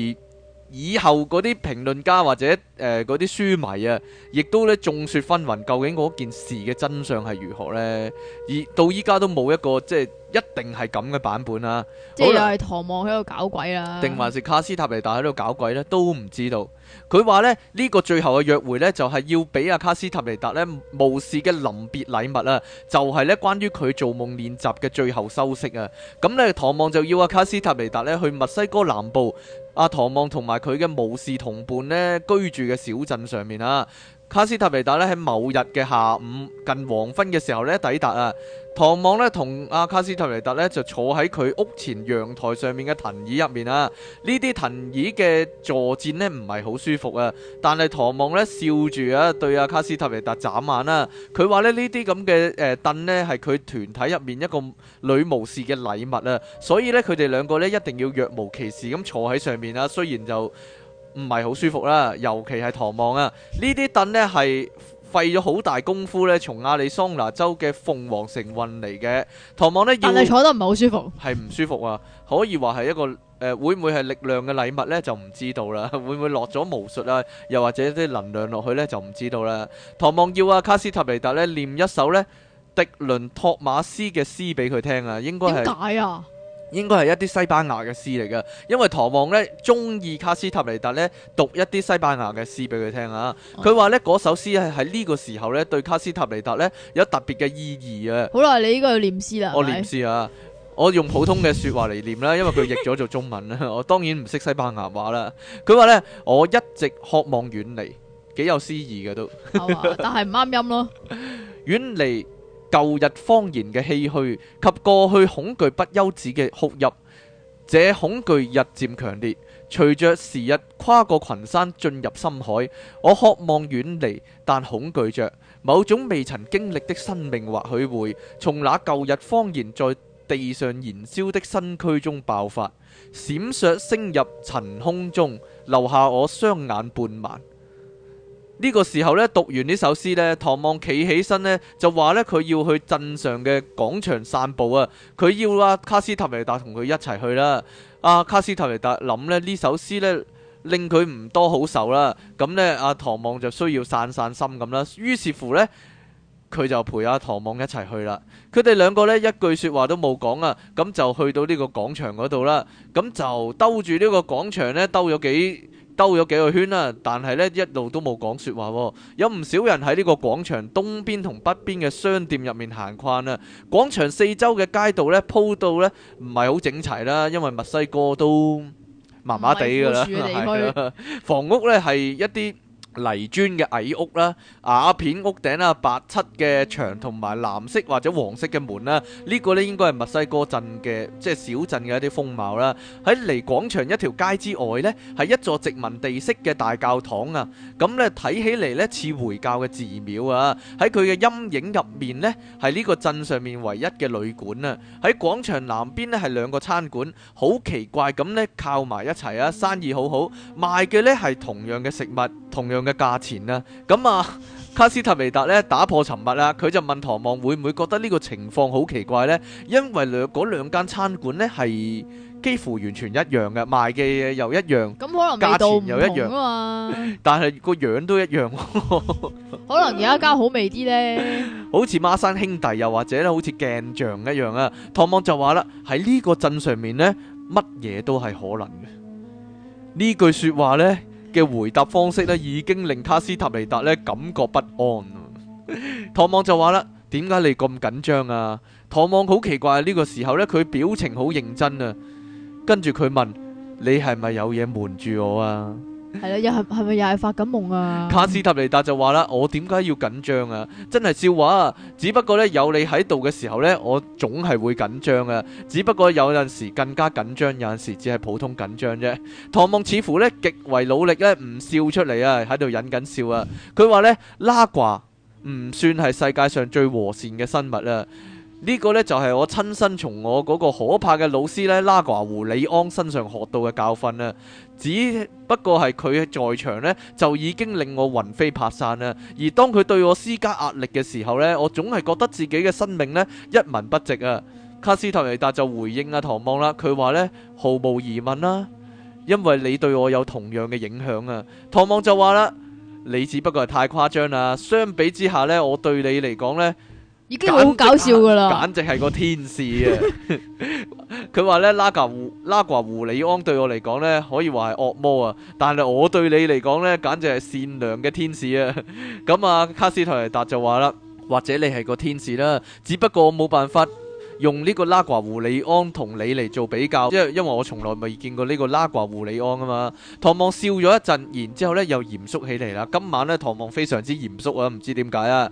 以後嗰啲評論家或者誒嗰啲書迷啊，亦都咧眾說紛紜，紛紛究竟嗰件事嘅真相係如何呢？而到依家都冇一個即係一定係咁嘅版本啦。即係又係唐望喺度搞鬼啦，定還是卡斯塔尼達喺度搞鬼呢？都唔知道。佢話呢，呢、呢個最後嘅約會呢，就係、是、要俾阿卡斯塔尼達呢無視嘅臨別禮物啊，就係、是、呢關於佢做夢練習嘅最後收息啊。咁、嗯、呢，唐望就要阿卡斯塔尼達呢去墨西哥南部。阿唐望同埋佢嘅巫士同伴呢，居住嘅小鎮上面啊。卡斯特尼達咧喺某日嘅下午近黃昏嘅時候咧抵達啊，唐望呢同阿卡斯特尼達呢就坐喺佢屋前陽台上面嘅藤椅入面啊。呢啲藤椅嘅坐墊呢，唔係好舒服啊，但係唐望呢笑住啊，對阿卡斯特尼達眨眼啦。佢話咧，呢啲咁嘅誒凳呢係佢團體入面一個女巫士嘅禮物啊，所以呢，佢哋兩個呢一定要若無其事咁坐喺上面啊。雖然就。唔係好舒服啦，尤其係唐望啊！這些呢啲凳呢係費咗好大功夫呢，從亞利桑那州嘅鳳凰城運嚟嘅。唐望呢，但係坐得唔係好舒服，係唔舒服啊！可以話係一個誒、呃，會唔會係力量嘅禮物呢，就唔知道啦。會唔會落咗巫術啊？又或者啲能量落去呢，就唔知道啦。唐望要阿卡斯塔尼達呢念一首呢迪倫托馬斯嘅詩俾佢聽啊，應該係點解啊？應該係一啲西班牙嘅詩嚟噶，因為唐望呢中意卡斯塔尼達呢讀一啲西班牙嘅詩俾佢聽啊！佢、哦、話呢嗰首詩係喺呢個時候呢對卡斯塔尼達呢有特別嘅意義啊！好啦，你呢個要念詩啦？我念詩啊！我用普通嘅說話嚟念啦， *laughs* 因為佢譯咗做中文啦。 *laughs* *laughs* 我當然唔識西班牙話啦。佢話呢，我一直渴望遠離，幾有詩意嘅都，哦啊、但係唔啱音咯，遠離。舊日方言嘅唏噓及過去恐懼不休止嘅哭泣，這恐懼日漸強烈。隨着時日跨過群山進入深海，我渴望遠離，但恐懼着某種未曾經歷的生命或許會從那舊日方言在地上燃燒的身軀中爆發，閃爍升入塵空中，留下我雙眼半盲。呢、這個時候呢，讀完呢首詩呢，唐望企起身呢，就話呢，佢要去鎮上嘅廣場散步啊！佢要阿卡斯塔尼達同佢一齊去啦。阿卡斯塔尼達諗呢呢首詩呢，令佢唔多好受啦。咁呢，阿唐望就需要散散心咁啦。於是乎呢，佢就陪阿、啊、唐望一齊去啦。佢哋兩個呢，一句説話都冇講啊，咁就去到呢個廣場嗰度啦。咁就兜住呢個廣場呢，兜咗幾兜咗幾個圈啦，但係咧一路都冇講說話喎。有唔少人喺呢個廣場東邊同北邊嘅商店入面行逛啦。廣場四周嘅街道咧鋪到咧唔係好整齊啦，因為墨西哥都麻麻地㗎啦。 *laughs* 房屋咧係一啲泥磚嘅矮屋啦，瓦片屋頂啊，白漆嘅牆同埋藍色或者黃色嘅門啦。呢個咧應該係墨西哥鎮嘅即係小鎮嘅一啲風貌啦。喺離廣場一條街之外呢，係一座殖民地式嘅大教堂啊。咁咧睇起嚟呢，似回教嘅寺廟啊。喺佢嘅陰影入面呢，係呢個鎮上面唯一嘅旅館啊。喺廣場南邊呢，係兩個餐館，好奇怪咁呢，靠埋一齊啊，生意好好，賣嘅呢，係同樣嘅食物。同樣嘅價錢啊，咁啊，卡斯特維達呢打破沉默啦，佢就問唐望會唔會覺得呢個情況好奇怪呢？因為兩嗰兩間餐館呢係幾乎完全一樣嘅，賣嘅嘢又一樣，可能價錢又一樣的啊，但係個樣都一樣。 *laughs* 可能而家間好味啲呢， *laughs* 好似孖生兄弟又或者咧，好似鏡像一樣啊。唐望就話啦：喺呢個鎮上面呢，乜嘢都係可能嘅。呢句説話呢，嘅回答方式呢，已經令卡斯塔尼達呢感覺不安 *laughs* 網。唐望就話啦：點解你咁緊張啊？唐望好奇怪呢、呢個時候呢，佢表情好認真啊。跟住佢問：你係咪有嘢瞞住我啊？係啦，又係，係咪又係發緊夢啊？卡斯塔尼達就話啦，我點解要緊張啊？真係笑話啊！只不過呢，有你喺度嘅時候呢，我總係會緊張啊。只不過有陣時更加緊張，有陣時只係普通緊張啫。唐望似乎呢，極為努力呢，唔笑出嚟啊，喺度忍緊笑啊。佢話呢，拉卦唔算係世界上最和善嘅生物啊。呢、這個呢，就係、是、我親身從我嗰個可怕嘅老師呢拉瓜胡里安身上學到嘅教訓啊，只不過係佢在場呢，就已經令我魂飛魄散啦。而當佢對我施加壓力嘅時候呢，我總係覺得自己嘅生命呢，一文不值啊。卡斯特尼達就回應阿、啊、唐望啦，佢話呢，毫無疑問啦、啊，因為你對我有同樣嘅影響啊。唐望就話啦，你只不過係太誇張啦，相比之下呢，我對你嚟講呢。已經好搞笑噶啦， *laughs* *laughs* 簡直係個天使啊！佢話咧，拉格胡、拉格胡里安對我嚟講咧，可以話係惡魔啊，但係我對你嚟講咧，簡直係善良嘅天使啊！咁啊，卡斯托尼達就話啦，或者你係個天使啦，只不過我冇辦法。用呢個拉瓜胡里安同你嚟做比較，因為因為我從來未見過呢個拉瓜胡里安啊嘛。唐望笑咗一陣，然之後呢又嚴肅起嚟啦。今晚呢，唐望非常之嚴肅啊，唔知點解啊。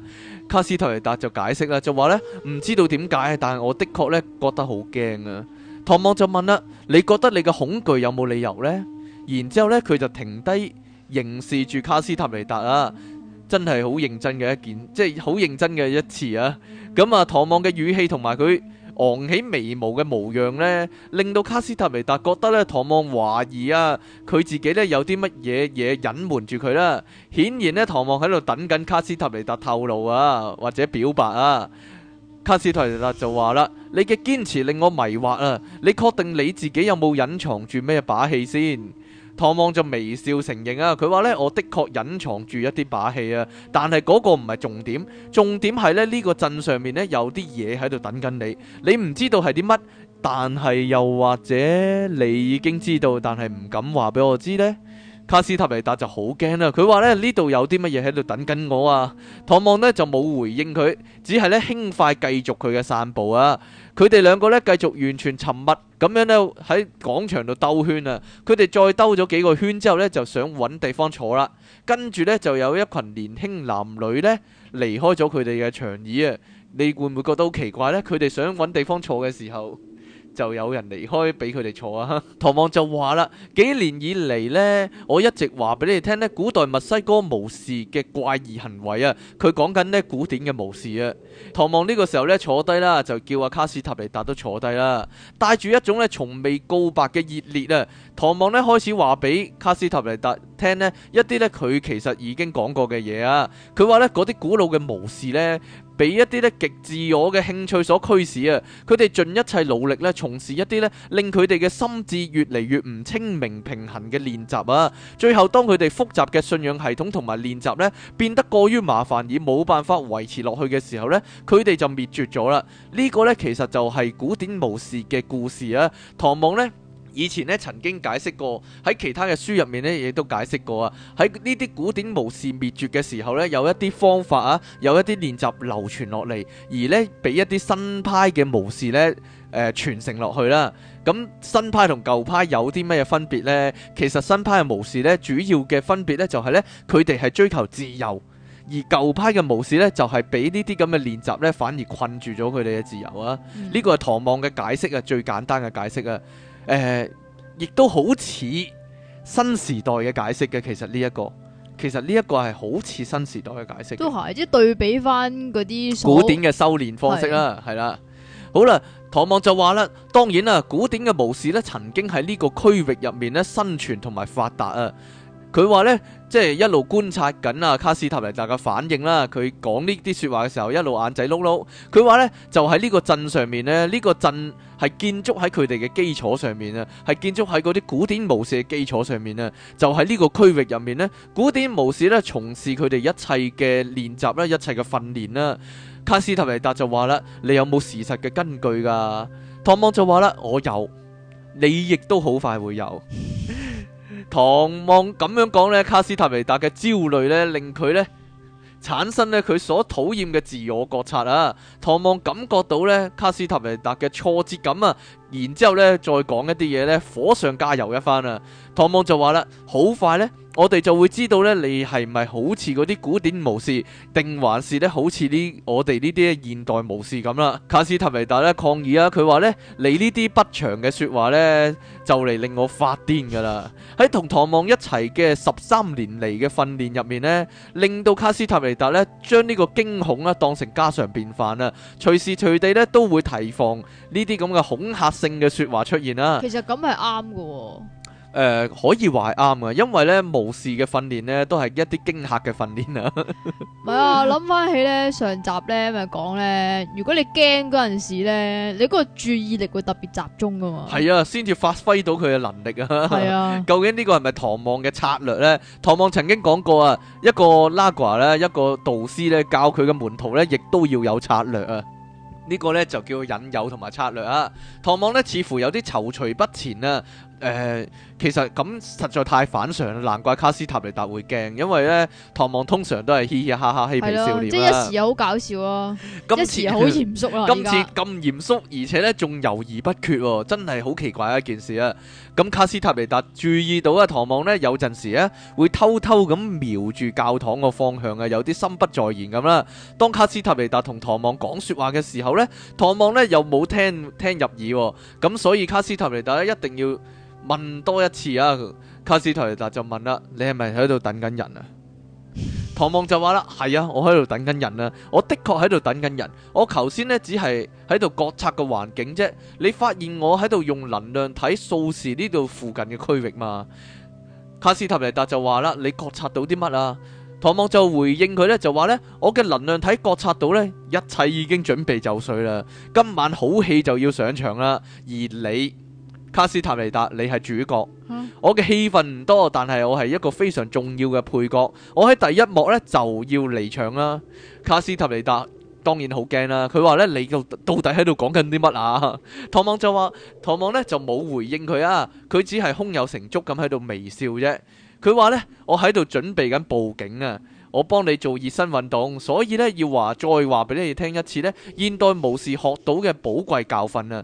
卡斯塔尼達就解釋啦，就話呢：「唔知道點解，但係我的確呢覺得好驚啊。」唐望就問啦：「你覺得你嘅恐懼有冇理由呢？」然之後呢，佢就停低凝視住卡斯塔尼達啊，真係好認真嘅一件，即係好認真嘅一次啊。咁、嗯、啊，唐望嘅語氣同埋佢，昂起眉毛嘅模樣呢，令到卡斯特維達覺得唐望懷疑啊，佢自己呢，有啲乜嘢嘢隱瞞住佢啦。顯然呢，唐望喺度等緊卡斯特維達透露啊，或者表白啊。卡斯特維達就話啦：你嘅堅持令我迷惑啊！你確定你自己有冇隱藏住咩把戲先？唐望就微笑承認啊，佢話咧，我的確隱藏住一啲把戲啊，但係嗰個唔係重點，重點係咧，呢個鎮上面咧有啲嘢喺度等緊你，你唔知道係啲乜，但係又或者你已經知道，但係唔敢話俾我知呢。卡斯塔尼達就好驚啦，佢話咧，呢度有啲乜嘢喺度等緊我啊？唐望呢就冇回應佢，只係咧輕快繼續佢嘅散步啊。佢哋兩個咧繼續完全沉默咁樣咧喺廣場度兜圈啊。佢哋再兜咗幾個圈之後咧就想揾地方坐啦，跟住咧就有一群年輕男女咧離開咗佢哋嘅長椅啊。你會唔會覺得好奇怪呢？佢哋想揾地方坐嘅時候。就有人離開俾佢哋坐啊！唐 *laughs* 望就話啦，幾年以嚟呢，我一直話俾你聽呢，古代墨西哥巫師嘅怪異行為啊。佢講緊呢，古典嘅巫師啊。唐望呢個時候呢，坐低啦，就叫阿卡斯塔尼達都坐低啦，帶住一種呢，從未告白嘅熱烈啊。唐望呢，開始話俾卡斯塔尼達聽呢，一啲呢，佢其實已經講過嘅嘢啊。佢話呢，嗰啲古老嘅巫師呢。俾一啲咧極自我嘅興趣所驅使啊！佢哋盡一切努力咧，從事一啲咧令佢哋嘅心智越嚟越唔清明平衡嘅練習啊！最後當佢哋複雜嘅信仰系統同埋練習咧變得過於麻煩而冇辦法維持落去嘅時候咧，佢哋就滅絕咗啦！呢、這個咧其實就係古典模式嘅故事啊！唐望咧，以前咧曾經解釋過，喺其他嘅書入面咧亦都解釋過啊。喺呢啲古典巫士滅絕嘅時候咧，有一啲方法啊，有一啲練習流傳落嚟，而咧俾一啲新派嘅巫士咧誒傳承落去啦。咁新派同舊派有啲咩分別呢？其實新派嘅巫士咧，主要嘅分別咧就係咧，佢哋係追求自由，而舊派嘅巫士咧就係俾呢啲咁嘅練習咧，反而困住咗佢哋嘅自由啊。呢個係唐望嘅解釋啊，最簡單嘅解釋啊。誒、呃，亦都好似新時代嘅解釋嘅，其實呢一個，其實呢一個係好似新時代嘅解釋。都係，即對比翻嗰啲古典嘅修煉方式啦，係啦。好啦，唐望就話啦，當然啦，古典嘅模式呢曾經喺呢個區域入面呢生存同埋發達啊。佢話呢，即係一路觀察緊啊卡斯塔尼達嘅反應啦。佢講呢啲説話嘅時候，一路眼仔碌碌。佢話呢，就喺呢個鎮上面呢呢、呢個鎮。係建築喺佢哋嘅基礎上面啊，係建築喺嗰啲古典模式嘅基礎上面啊，就喺呢個區域入面咧，古典模式咧從事佢哋一切嘅練習啦，一切嘅訓練啦。卡斯塔尼達就話啦，你有冇事實嘅根據噶？唐望就話啦，我有，你亦都好快會有。 *laughs* 唐望咁樣講咧，卡斯塔尼達嘅焦慮咧，令佢咧。產生咧佢所討厭嘅自我覺察啊，唐望感覺到咧卡斯塔尼達嘅挫折感啊，然之後咧再講一啲嘢咧火上加油一番。啊！唐望就話啦，好快呢，我哋就會知道咧，你係唔係好似嗰啲古典武士，定還是咧好似呢我哋呢啲現代武士咁啦。卡斯塔尼達咧抗議啊，佢話咧你呢啲不祥嘅說話呢，就嚟令我發癲噶啦。喺同唐望一齊嘅十三年嚟嘅訓練入面呢，令到卡斯塔尼達咧將呢個驚恐啊當成家常便飯啊，隨時隨地咧都會提防呢啲咁嘅恐嚇性嘅說話出現啦。其實咁係啱嘅。誒、呃，可以話係啱啊，因為咧，無事嘅訓練呢都係一啲驚嚇嘅訓練啊。唔係啊，諗翻起咧，上集咧咪講咧，如果你驚嗰陣時咧，你個注意力會特別集中噶嘛？係啊，先至發揮到佢嘅能力啊。 *laughs* 係啊，究竟呢個係咪唐望嘅策略咧？唐望曾經講過啊，一個拉 a 咧，一個導師咧，教佢嘅門徒咧，亦都要有策略啊。這個、呢個咧就叫引誘同埋策略啊。唐望呢，似乎有啲躊躇不前啊。誒、呃，其實咁實在太反常了，難怪卡斯塔尼達會驚，因為咧唐望通常都係嘻嘻哈哈嬉皮笑臉啦。即、就是、一時好搞笑啊，今次一時好嚴肅啊。今次咁嚴肅，而且咧仲猶豫不決、啊，真係好奇怪一件事啊！咁卡斯塔尼達注意到啊，唐望呢，有陣時咧會偷偷咁瞄住教堂個方向啊，有啲心不在焉咁啦。當卡斯塔尼達同唐望講說話嘅時候咧，唐望呢又冇聽聽入耳、啊，咁所以卡斯塔尼達咧一定要。問多一次啊，卡斯特尼達就問啦：你係咪喺度等緊人啊？唐望就話啦：係啊，我喺度等緊人啊！我的確喺度等緊人。我頭先呢，只係喺度覺察個環境啫。你發現我喺度用能量體掃視呢度附近嘅區域嘛？卡斯特尼達就話啦：你覺察到啲乜啊？唐望就回應佢呢，就話呢：「我嘅能量體覺察到呢，一切已經準備就緒啦，今晚好戲就要上一場啦。而你。卡斯塔尼達，你係主角，嗯、我嘅戲份唔多，但係我係一個非常重要嘅配角。我喺第一幕呢就要離場啦。卡斯塔尼達當然好驚啦，佢話呢，你到底喺度講緊啲乜啊？唐望就話，唐望呢就冇回應佢啊，佢只係胸有成竹咁喺度微笑啫。佢話呢，我喺度準備緊報警啊，我幫你做熱身運動，所以呢，要話再話俾你聽一次呢。現代武士學到嘅寶貴教訓啊！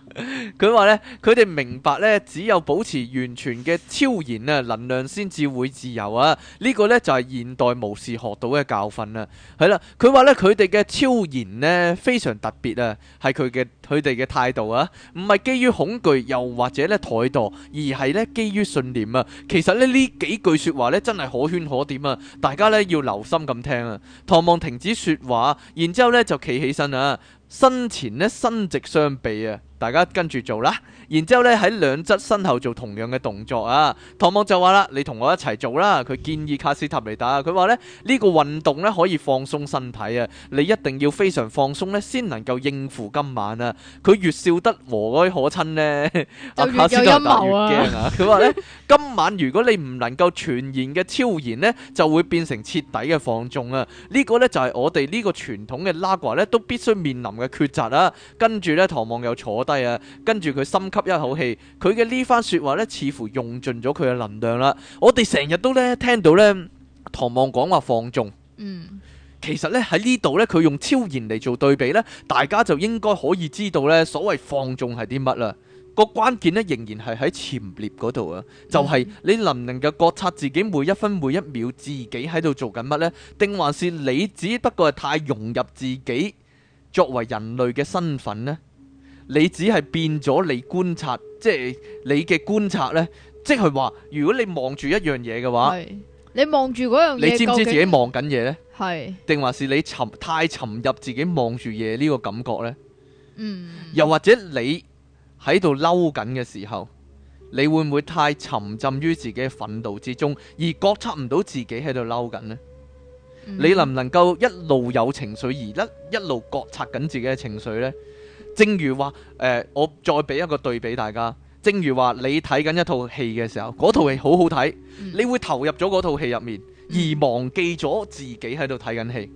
佢話呢，佢哋明白呢，只有保持完全嘅超然啊，能量先至會自由啊。呢個呢，就係現代巫士學到嘅教訓啦。係啦，佢話呢，佢哋嘅超然呢，非常特別啊，係佢嘅佢哋嘅態度啊，唔係基於恐懼，又或者咧怠惰，而係咧基於信念啊。其實呢，呢幾句說話呢，真係可圈可點啊，大家呢，要留心咁聽啊。唐望停止說話，然之後咧就企起身啊，身前呢，伸直雙臂啊。大家跟住做啦。然之後咧，喺兩側身後做同樣嘅動作啊！唐望就話啦，你同我一齊做啦。佢建議卡斯塔尼達。佢話咧，呢、這個運動咧可以放鬆身體啊。你一定要非常放鬆咧，先能夠應付今晚啊。佢越笑得和藹可親呢，阿、啊啊、卡斯塔越驚啊。佢話咧， *laughs* 今晚如果你唔能夠全然嘅超然呢，就會變成徹底嘅放縱啊。呢、這個呢，就係、是、我哋呢個傳統嘅拉瓜呢都必須面臨嘅抉擇啊，跟住呢，唐望又坐低啊。跟住佢心。一口氣，佢嘅呢番說話咧，似乎用盡咗佢嘅能量啦。我哋成日都咧聽到咧，唐望講話放縱，嗯，其實咧喺呢度咧，佢用超然嚟做對比咧，大家就應該可以知道咧，所謂放縱係啲乜啦。個關鍵咧仍然係喺潛獵嗰度啊，就係、是、你能唔能夠覺察自己每一分每一秒自己喺度做緊乜呢？定還是你只不過係太融入自己作為人類嘅身份呢？你只係變咗你觀察，即係你嘅觀察呢，即係話如果你望住一樣嘢嘅話，你望住嗰樣嘢，你知唔知自己望緊嘢呢？係定還是你沉太沉入自己望住嘢呢個感覺呢？嗯、又或者你喺度嬲緊嘅時候，你會唔會太沉浸於自己嘅憤怒之中，而覺察唔到自己喺度嬲緊呢？嗯。你能唔能夠一路有情緒而一一路覺察緊自己嘅情緒呢？正如話，誒、呃，我再俾一個對比大家。正如話，你睇緊一套戲嘅時候，嗰套戲好好睇，你會投入咗嗰套戲入面，而忘記咗自己喺度睇緊戲。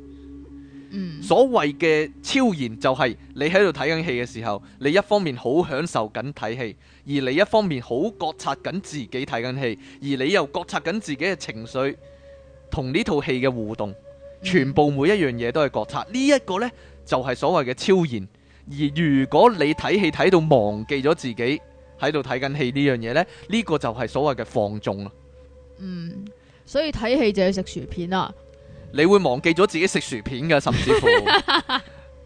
所謂嘅超然，就係你喺度睇緊戲嘅時候，你一方面好享受緊睇戲，而你一方面好覺察緊自己睇緊戲，而你又覺察緊自己嘅情緒同呢套戲嘅互動，全部每一樣嘢都係覺察。呢一個呢，就係所謂嘅超然。而如果你睇戲睇到忘記咗自己喺度睇緊戲呢樣嘢呢，呢、呢個就係所謂嘅放縱啦。嗯，所以睇戲就要食薯片啦。你會忘記咗自己食薯片㗎，甚至乎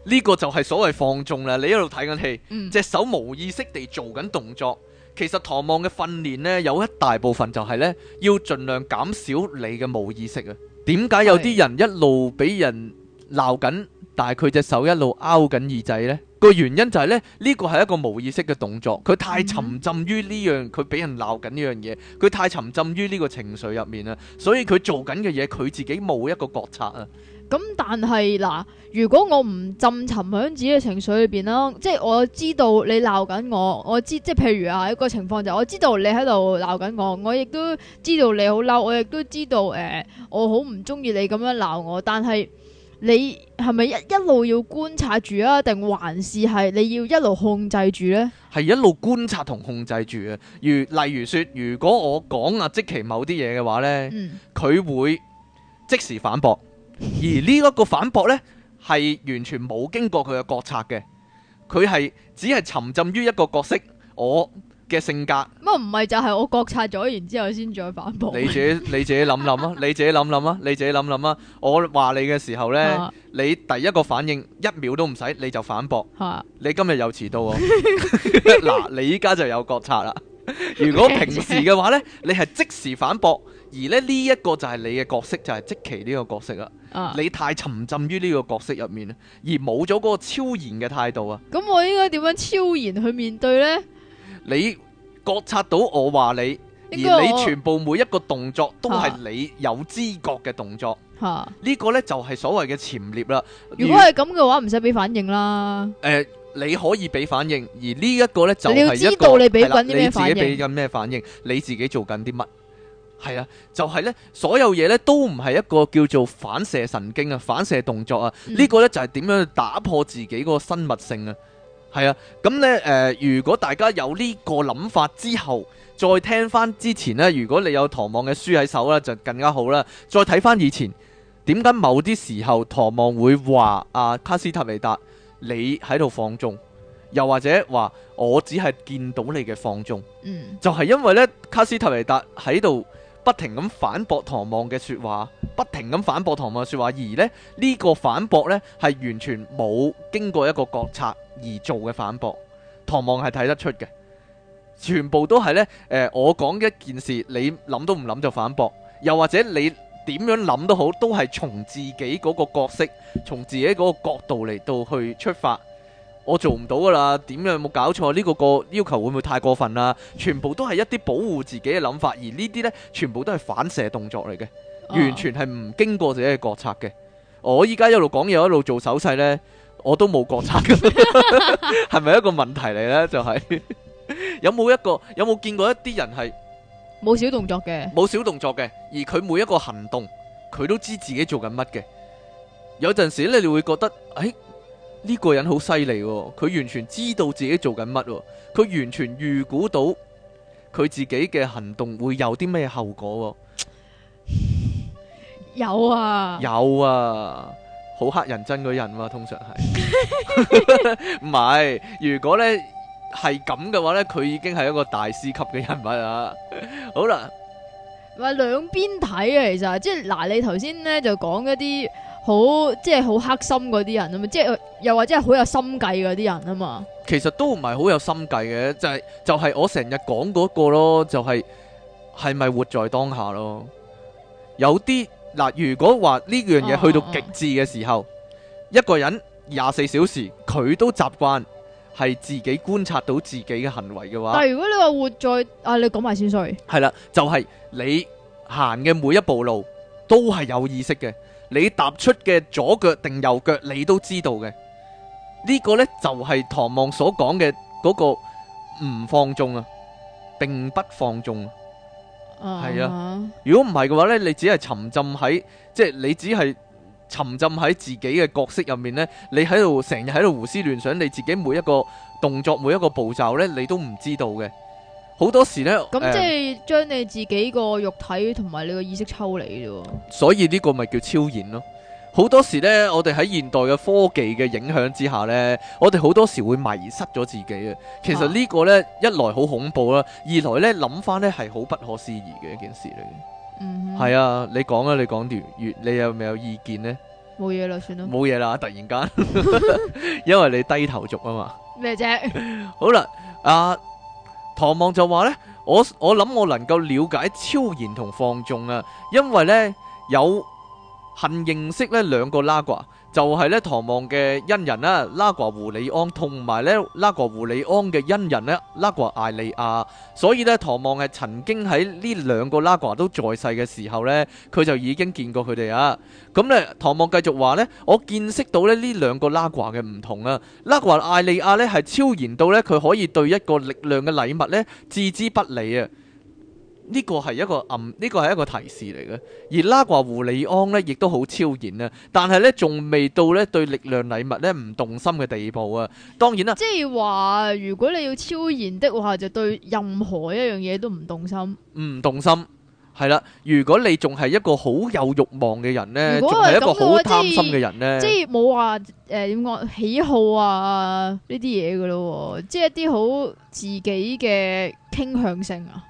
呢 *laughs* 個就係所謂放縱啦。你一路睇緊戲，隻、嗯、手無意識地做緊動作。其實唐望嘅訓練呢，有一大部分就係呢：要盡量減少你嘅無意識啊。點解有啲人一路俾人鬧緊，但係佢隻手一路拗緊耳仔呢？個原因就係、是、咧，呢個係一個無意識嘅動作，佢太沉浸於呢樣，佢俾人鬧緊呢樣嘢，佢太沉浸於呢個情緒入面啊，所以佢做緊嘅嘢，佢自己冇一個覺察啊。咁、嗯、但係嗱，如果我唔浸沉響自己嘅情緒裏邊啦，即、就、係、是、我知道你鬧緊我，我知即係譬如啊一個情況就我知道你喺度鬧緊我，我亦都知道你好嬲，我亦都知道誒、呃，我好唔中意你咁樣鬧我，但係。你係咪一一路要觀察住啊？定還是係你要一路控制住呢？係一路觀察同控制住啊。如例如說，如果我講啊即其某啲嘢嘅話呢，佢、嗯、會即時反駁，而呢一個反駁呢，係完全冇經過佢嘅覺察嘅。佢係只係沉浸於一個角色我嘅性格，唔唔係就係我覺察咗，然之後先再反駁。你自己諗諗 *laughs* 你自己諗諗啊，你自己諗諗啊，你自己諗諗啊。我話你嘅時候呢，啊、你第一個反應一秒都唔使，你就反駁，啊。 *laughs* *laughs* 你今日又遲到喎，嗱，你依家就有覺察啦。如果平時嘅話呢，你係即時反駁，而呢一、呢個就係你嘅角色，就係、是、即期呢個角色啦。啊、你太沉浸於呢個角色入面而冇咗嗰個超然嘅態度啊。咁我應該點樣超然去面對呢？你覺察到我話你，而你全部每一個動作都係你有知覺嘅動作，呢、啊啊這個呢就係所謂嘅潛獵啦。如果係咁嘅話，唔使俾反應啦。誒、呃，你可以俾反應，而呢一個呢就係知道你俾緊咩反應，你自己俾緊咩反應，你自己做緊啲乜？係啊，就係、是、呢，所有嘢呢都唔係一個叫做反射神經啊、反射動作啊，呢、嗯這個呢就係點樣打破自己個生物性啊。係啊，咁呢。誒、呃，如果大家有呢個諗法之後，再聽翻之前呢，如果你有唐望嘅書喺手呢，就更加好啦。再睇翻以前，點解某啲時候唐望會話阿、啊、卡斯塔尼達你喺度放縱，又或者話我只係見到你嘅放縱、嗯，就係、是、因為呢，卡斯塔尼達喺度。不停咁反駁唐望嘅說話，不停咁反駁唐望嘅說話，而呢、呢個反駁呢，係完全冇經過一個覺察而做嘅反駁，唐望係睇得出嘅，全部都係呢。誒、呃，我講一件事，你諗都唔諗就反駁，又或者你點樣諗都好，都係從自己嗰個角色，從自己嗰個角度嚟到去出發。我做唔到噶啦，點樣有冇搞錯呢個個要求會唔會太過分啦、啊？全部都係一啲保護自己嘅諗法，而呢啲呢，全部都係反射動作嚟嘅，oh. 完全係唔經過自己嘅覺察嘅。我依家一路講嘢，一路做手勢呢，我都冇覺察嘅，係 *laughs* 咪 *laughs* *laughs* *laughs* 一個問題嚟呢？就係、是、 *laughs* 有冇一個有冇見過一啲人係冇小動作嘅，冇小動作嘅，而佢每一個行動佢都知自己做緊乜嘅。有陣時咧，你會覺得誒。哎呢、呢個人好犀利，佢完全知道自己做緊乜，佢完全預估到佢自己嘅行動會有啲咩後果、啊。有啊，有啊，好黑人憎嘅人嘛、啊，通常係唔係？如果呢係咁嘅話呢，佢已經係一個大師級嘅人物啊！ *laughs* 好啦，咪兩邊睇啊，其實即係嗱，你頭先呢就講一啲。好，即係好黑心嗰啲人啊嘛，即係又或者係好有心計嗰啲人啊嘛。其實都唔係好有心計嘅，就係就係，我成日講嗰個咯，就係係咪活在當下咯？有啲，嗱，呃，如果話呢樣嘢去到極致嘅時候，啊啊啊一個人廿四小時佢都習慣係自己觀察到自己嘅行為嘅話，但係如果你話活在啊，你講埋先 sorry 係啦，就係你行嘅每一步路都係有意識嘅。你踏出嘅左腳定右腳，你都知道嘅。呢個呢，就係唐望所講嘅嗰個唔放縱啊，並不放縱啊。係啊。Uh-huh.，如果唔係嘅話呢，你只係沉浸喺，即係你只係沉浸喺自己嘅角色入面呢。你喺度成日喺度胡思亂想，你自己每一個動作每一個步驟呢，你都唔知道嘅。好多時咧，咁、嗯、即係將你自己個肉體同埋你個意識抽離啫。所以呢個咪叫超然咯。好多時咧，我哋喺現代嘅科技嘅影響之下咧，我哋好多時會迷失咗自己啊。其實個呢個咧、啊，一來好恐怖啦，二來咧諗翻咧係好不可思議嘅一件事嚟嘅。嗯，係啊，你講啊，你講條月，你有咪有意見呢？冇嘢啦，算啦。冇嘢啦，突然間， *laughs* *laughs* 因為你低頭族啊嘛。咩啫？ *laughs* 好啦，啊唐望就話呢，我我諗我能夠了解超然同放縱啊，因為呢有幸認識呢兩個拉瓜。就係咧，唐望嘅恩人啦，拉瓜胡里安同埋咧，拉瓜胡里安嘅恩人咧，拉瓜艾利亞，所以咧，唐望係曾經喺呢兩個拉瓜都在世嘅時候咧，佢就已經見過佢哋啊。咁咧，唐望繼續話咧，我見識到咧呢兩個拉瓜嘅唔同啊，拉瓜艾利亞咧係超然到咧佢可以對一個力量嘅禮物咧置之不理啊。呢個係一個暗，呢個係一個提示嚟嘅。而拉瓜胡里安咧，亦都好超然啊，但係咧，仲未到咧對力量禮物咧唔動心嘅地步啊。當然啦，即係話如果你要超然的話，就對任何一樣嘢都唔動心，唔動心係啦。如果你仲係一個好有慾望嘅人咧，如果仲係一個好貪心嘅人咧，即係冇話誒點講喜好啊呢啲嘢㗎咯，即係一啲好自己嘅傾向性啊。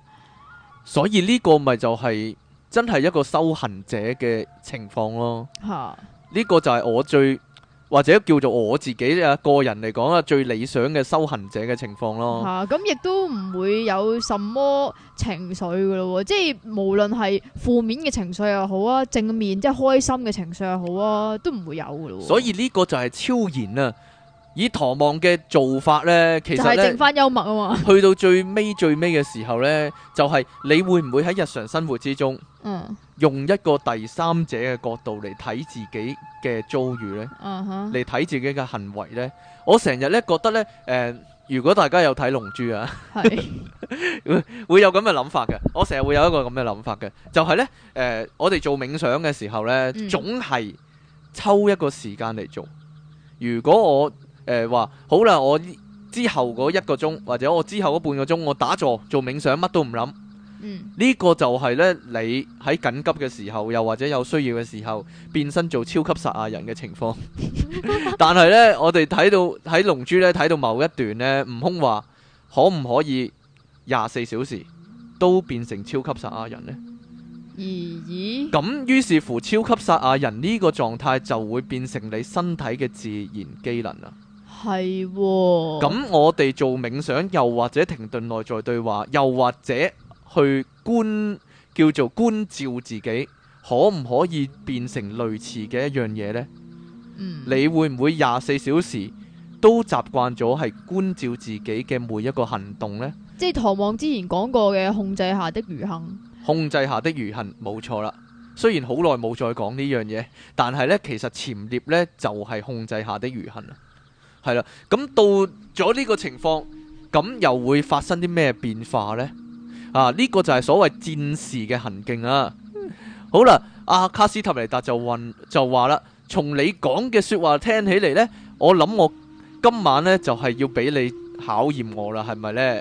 所以呢個咪就係真係一個修行者嘅情況咯。嚇，呢個就係我最或者叫做我自己誒個人嚟講啊，最理想嘅修行者嘅情況咯、啊。嚇，咁亦都唔會有什麼情緒噶咯喎，即係無論係負面嘅情緒又好啊，正面即係、就是、開心嘅情緒又好啊，都唔會有噶咯。所以呢個就係超然啊！以唐望嘅做法呢，其實咧，就是、幽默嘛，去到最尾最尾嘅時候呢，就係、是、你會唔會喺日常生活之中，用一個第三者嘅角度嚟睇自己嘅遭遇呢？嚟睇自己嘅行為呢？我成日呢覺得呢，誒、呃，如果大家有睇《龍珠》啊， *laughs* 會有咁嘅諗法嘅。我成日會有一個咁嘅諗法嘅，就係、是、呢，誒、呃，我哋做冥想嘅時候呢，總係抽一個時間嚟做。如果我誒、呃，話好啦，我之後嗰一個鐘，或者我之後嗰半個鐘，我打坐做冥想，乜都唔諗。呢、嗯，呢個就係呢，你喺緊急嘅時候，又或者有需要嘅時候，變身做超級撒亞人嘅情況。 *laughs* 但係呢，我哋睇到喺《龍珠》呢睇到某一段呢，悟空話，可唔可以廿四小時都變成超級撒亞人呢？咦？咁、嗯、於是乎，超級撒亞人呢個狀態就會變成你身體嘅自然機能啦。.係咁、哦，我哋做冥想，又或者停頓內在對話，又或者去觀叫做觀照自己，可唔可以變成類似嘅一樣嘢呢、嗯？你會唔會廿四小時都習慣咗係觀照自己嘅每一個行動呢？即係唐望之前講過嘅控制下的愚行，控制下的愚行，冇錯啦。雖然好耐冇再講呢樣嘢，但係呢，其實潛獵呢，就係、是、控制下的愚行。係啦，咁到咗呢個情況，咁又會發生啲咩變化呢？啊、呢、這個就係所謂戰士嘅行徑啊！嗯、好啦，阿、啊、卡斯塔尼達就云就話啦，從你講嘅說的話聽起嚟，呢我諗我今晚呢就係要俾你考驗我啦，係咪呢？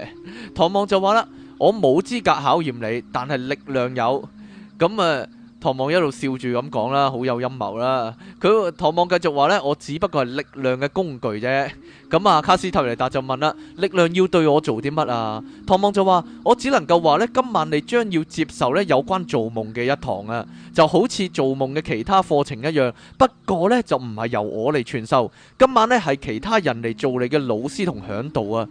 唐望就話啦，我冇資格考驗你，但係力量有，咁、嗯、啊。唐望一路笑住咁講啦，好有陰謀啦！佢唐望繼續話呢，我只不過係力量嘅工具啫。咁啊，卡斯特尼達就問啦：力量要對我做啲乜啊？唐望就話：我只能夠話呢，今晚你將要接受呢，有關做夢嘅一堂啊，就好似做夢嘅其他課程一樣，不過呢，就唔係由我嚟傳授。今晚呢，係其他人嚟做你嘅老師同嚮導！啊！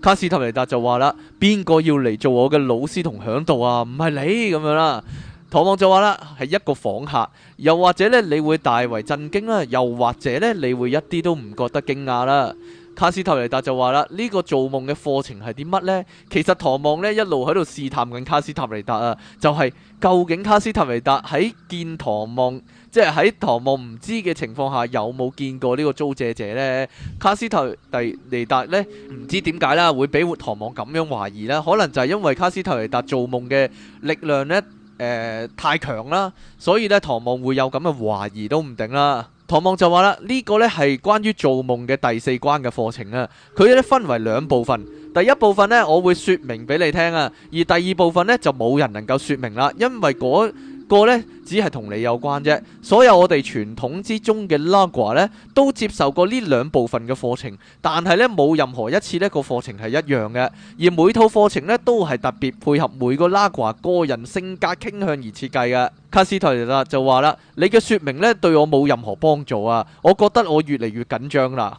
卡斯特尼達就話啦：邊個要嚟做我嘅老師同嚮導啊？唔係你咁樣啦。唐望就話啦，係一個訪客，又或者咧，你會大為震驚啦，又或者咧，你會一啲都唔覺得驚訝啦。卡斯特雷達就話啦，呢個做夢嘅課程係啲乜呢？其實唐望呢，一路喺度試探緊卡斯塔尼達啊，就係究竟卡斯塔尼達喺見唐望，即係喺唐望唔知嘅情況下，有冇見過呢個租借者呢？卡斯泰第尼達唔知點解啦，會俾活唐望咁樣懷疑呢？可能就係因為卡斯特雷達做夢嘅力量呢。誒、呃，太強啦，所以咧，唐望會有咁嘅懷疑都唔定啦。唐望就話啦，呢個呢係關於做夢嘅第四關嘅課程啊。佢呢分為兩部分，第一部分呢，我會說明俾你聽啊，而第二部分呢，就冇人能夠說明啦，因為嗰個呢只係同你有關啫，所有我哋傳統之中嘅拉 a 呢，都接受過呢兩部分嘅課程，但係呢，冇任何一次呢個課程係一樣嘅，而每一套課程呢，都係特別配合每個拉 a 個人性格傾向而設計嘅。卡斯泰特，特就話啦：，你嘅説明呢對我冇任何幫助啊，我覺得我越嚟越緊張啦。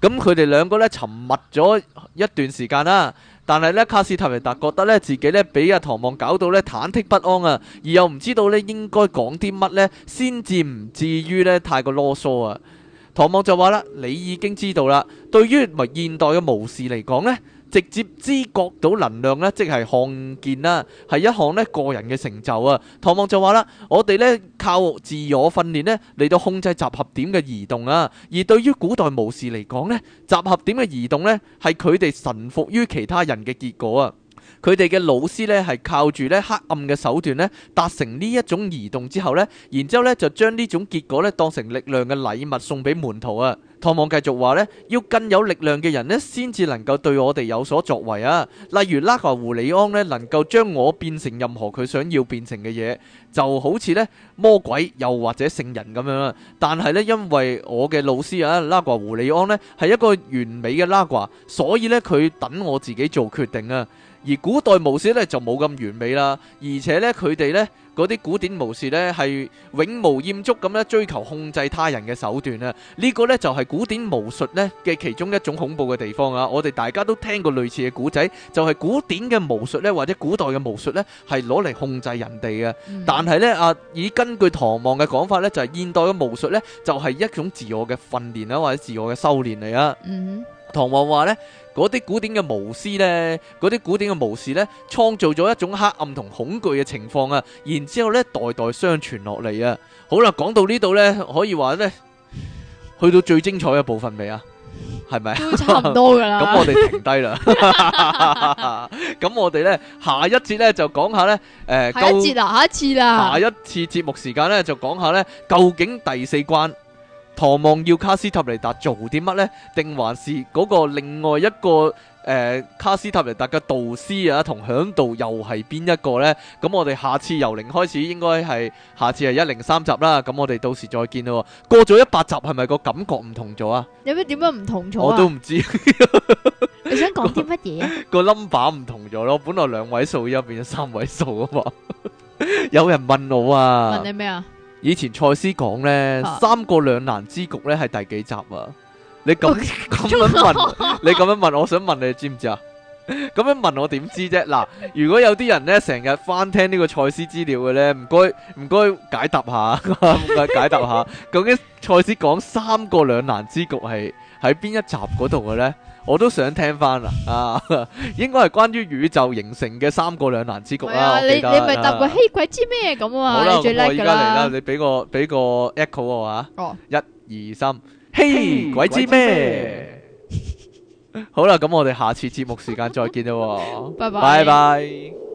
咁佢哋兩個呢，沉默咗一段時間啦、啊。但係咧，卡斯塔尼達覺得咧自己咧俾阿唐望搞到咧忐忑不安啊，而又唔知道咧應該講啲乜咧先至唔至於咧太過囉嗦啊。唐望就話啦：，你已經知道啦，對於唔係現代嘅武士嚟講咧。直接知覺到能量咧，即係看見啦，係一項咧個人嘅成就啊！唐望就話啦：，我哋呢，靠自我訓練咧嚟到控制集合點嘅移動啊！而對於古代巫士嚟講咧，集合點嘅移動咧係佢哋臣服於其他人嘅結果啊！佢哋嘅老師呢，係靠住咧黑暗嘅手段呢，達成呢一種移動之後呢，然之後呢，就將呢種結果呢，當成力量嘅禮物送俾門徒啊！唐望繼續話咧，要更有力量嘅人咧，先至能夠對我哋有所作為啊！例如拉瓜胡里安咧，能夠將我變成任何佢想要變成嘅嘢，就好似咧魔鬼又或者聖人咁樣啦。但係咧，因為我嘅老師啊，拉瓜胡里安咧係一個完美嘅拉瓜，所以咧佢等我自己做決定啊。而古代巫師咧就冇咁完美啦，而且咧佢哋咧。嗰啲古典巫術咧係永無厭足咁咧追求控制他人嘅手段啊！呢個咧就係古典巫術咧嘅其中一種恐怖嘅地方啊！我哋大家都聽過類似嘅古仔，就係古典嘅巫術咧，或者古代嘅巫術咧，係攞嚟控制人哋嘅。但係咧啊，以根據唐望嘅講法咧，就係現代嘅巫術咧，就係一種自我嘅訓練啦，或者自我嘅修煉嚟啊。唐望話咧，嗰啲古典嘅巫師咧，嗰啲古典嘅巫師咧，創造咗一種黑暗同恐懼嘅情況啊！然之後咧，代代相傳落嚟啊！好啦，講到這裡呢度咧，可以話咧，去到最精彩嘅部分未啊？係咪？都差唔多噶啦。咁我哋停低啦。咁我哋咧下一節咧就講下咧，誒，下一節啊、呃，下一次啦。下一次節目時間咧就講下咧，究竟第四關。唐望要卡斯塔尼達做啲乜咧？定還是嗰個另外一個誒卡斯塔尼達嘅導師啊？同響度又係邊一個咧？咁我哋下次由零開始，應該係下次係一零三集啦。咁我哋到時再見咯。過咗一百集係咪個感覺唔同咗啊？有咩點樣唔同咗啊？我都唔知。你想講啲乜嘢啊？個 number 唔同咗咯，本來兩位數而家變咗三位數啊嘛。有人問我啊？問你咩啊？以前賽斯講呢、啊、三個兩難之局咧係第幾集啊？你咁咁樣，樣問， *laughs* 你咁樣問，我想問你知唔知啊？咁 *laughs* 樣問我點知啫？嗱，如果有啲人呢，成日翻聽呢個賽斯資料嘅呢，唔該唔該解答下， *laughs* 解答下，究竟賽斯講三個兩難之局係喺邊一集嗰度嘅呢？我都想聽翻啦，啊，應該係關於宇宙形成嘅三個兩難之局啦、啊。你你咪答個嘿鬼知咩咁啊？你最 like 啦，好啦，我而家嚟啦，你俾個俾個 echo 我啊。一二三，嘿鬼知咩？好啦，咁、like、我哋、啊哦、 *laughs* 下次節目時間再見啦。拜 *laughs* 拜拜拜。Bye bye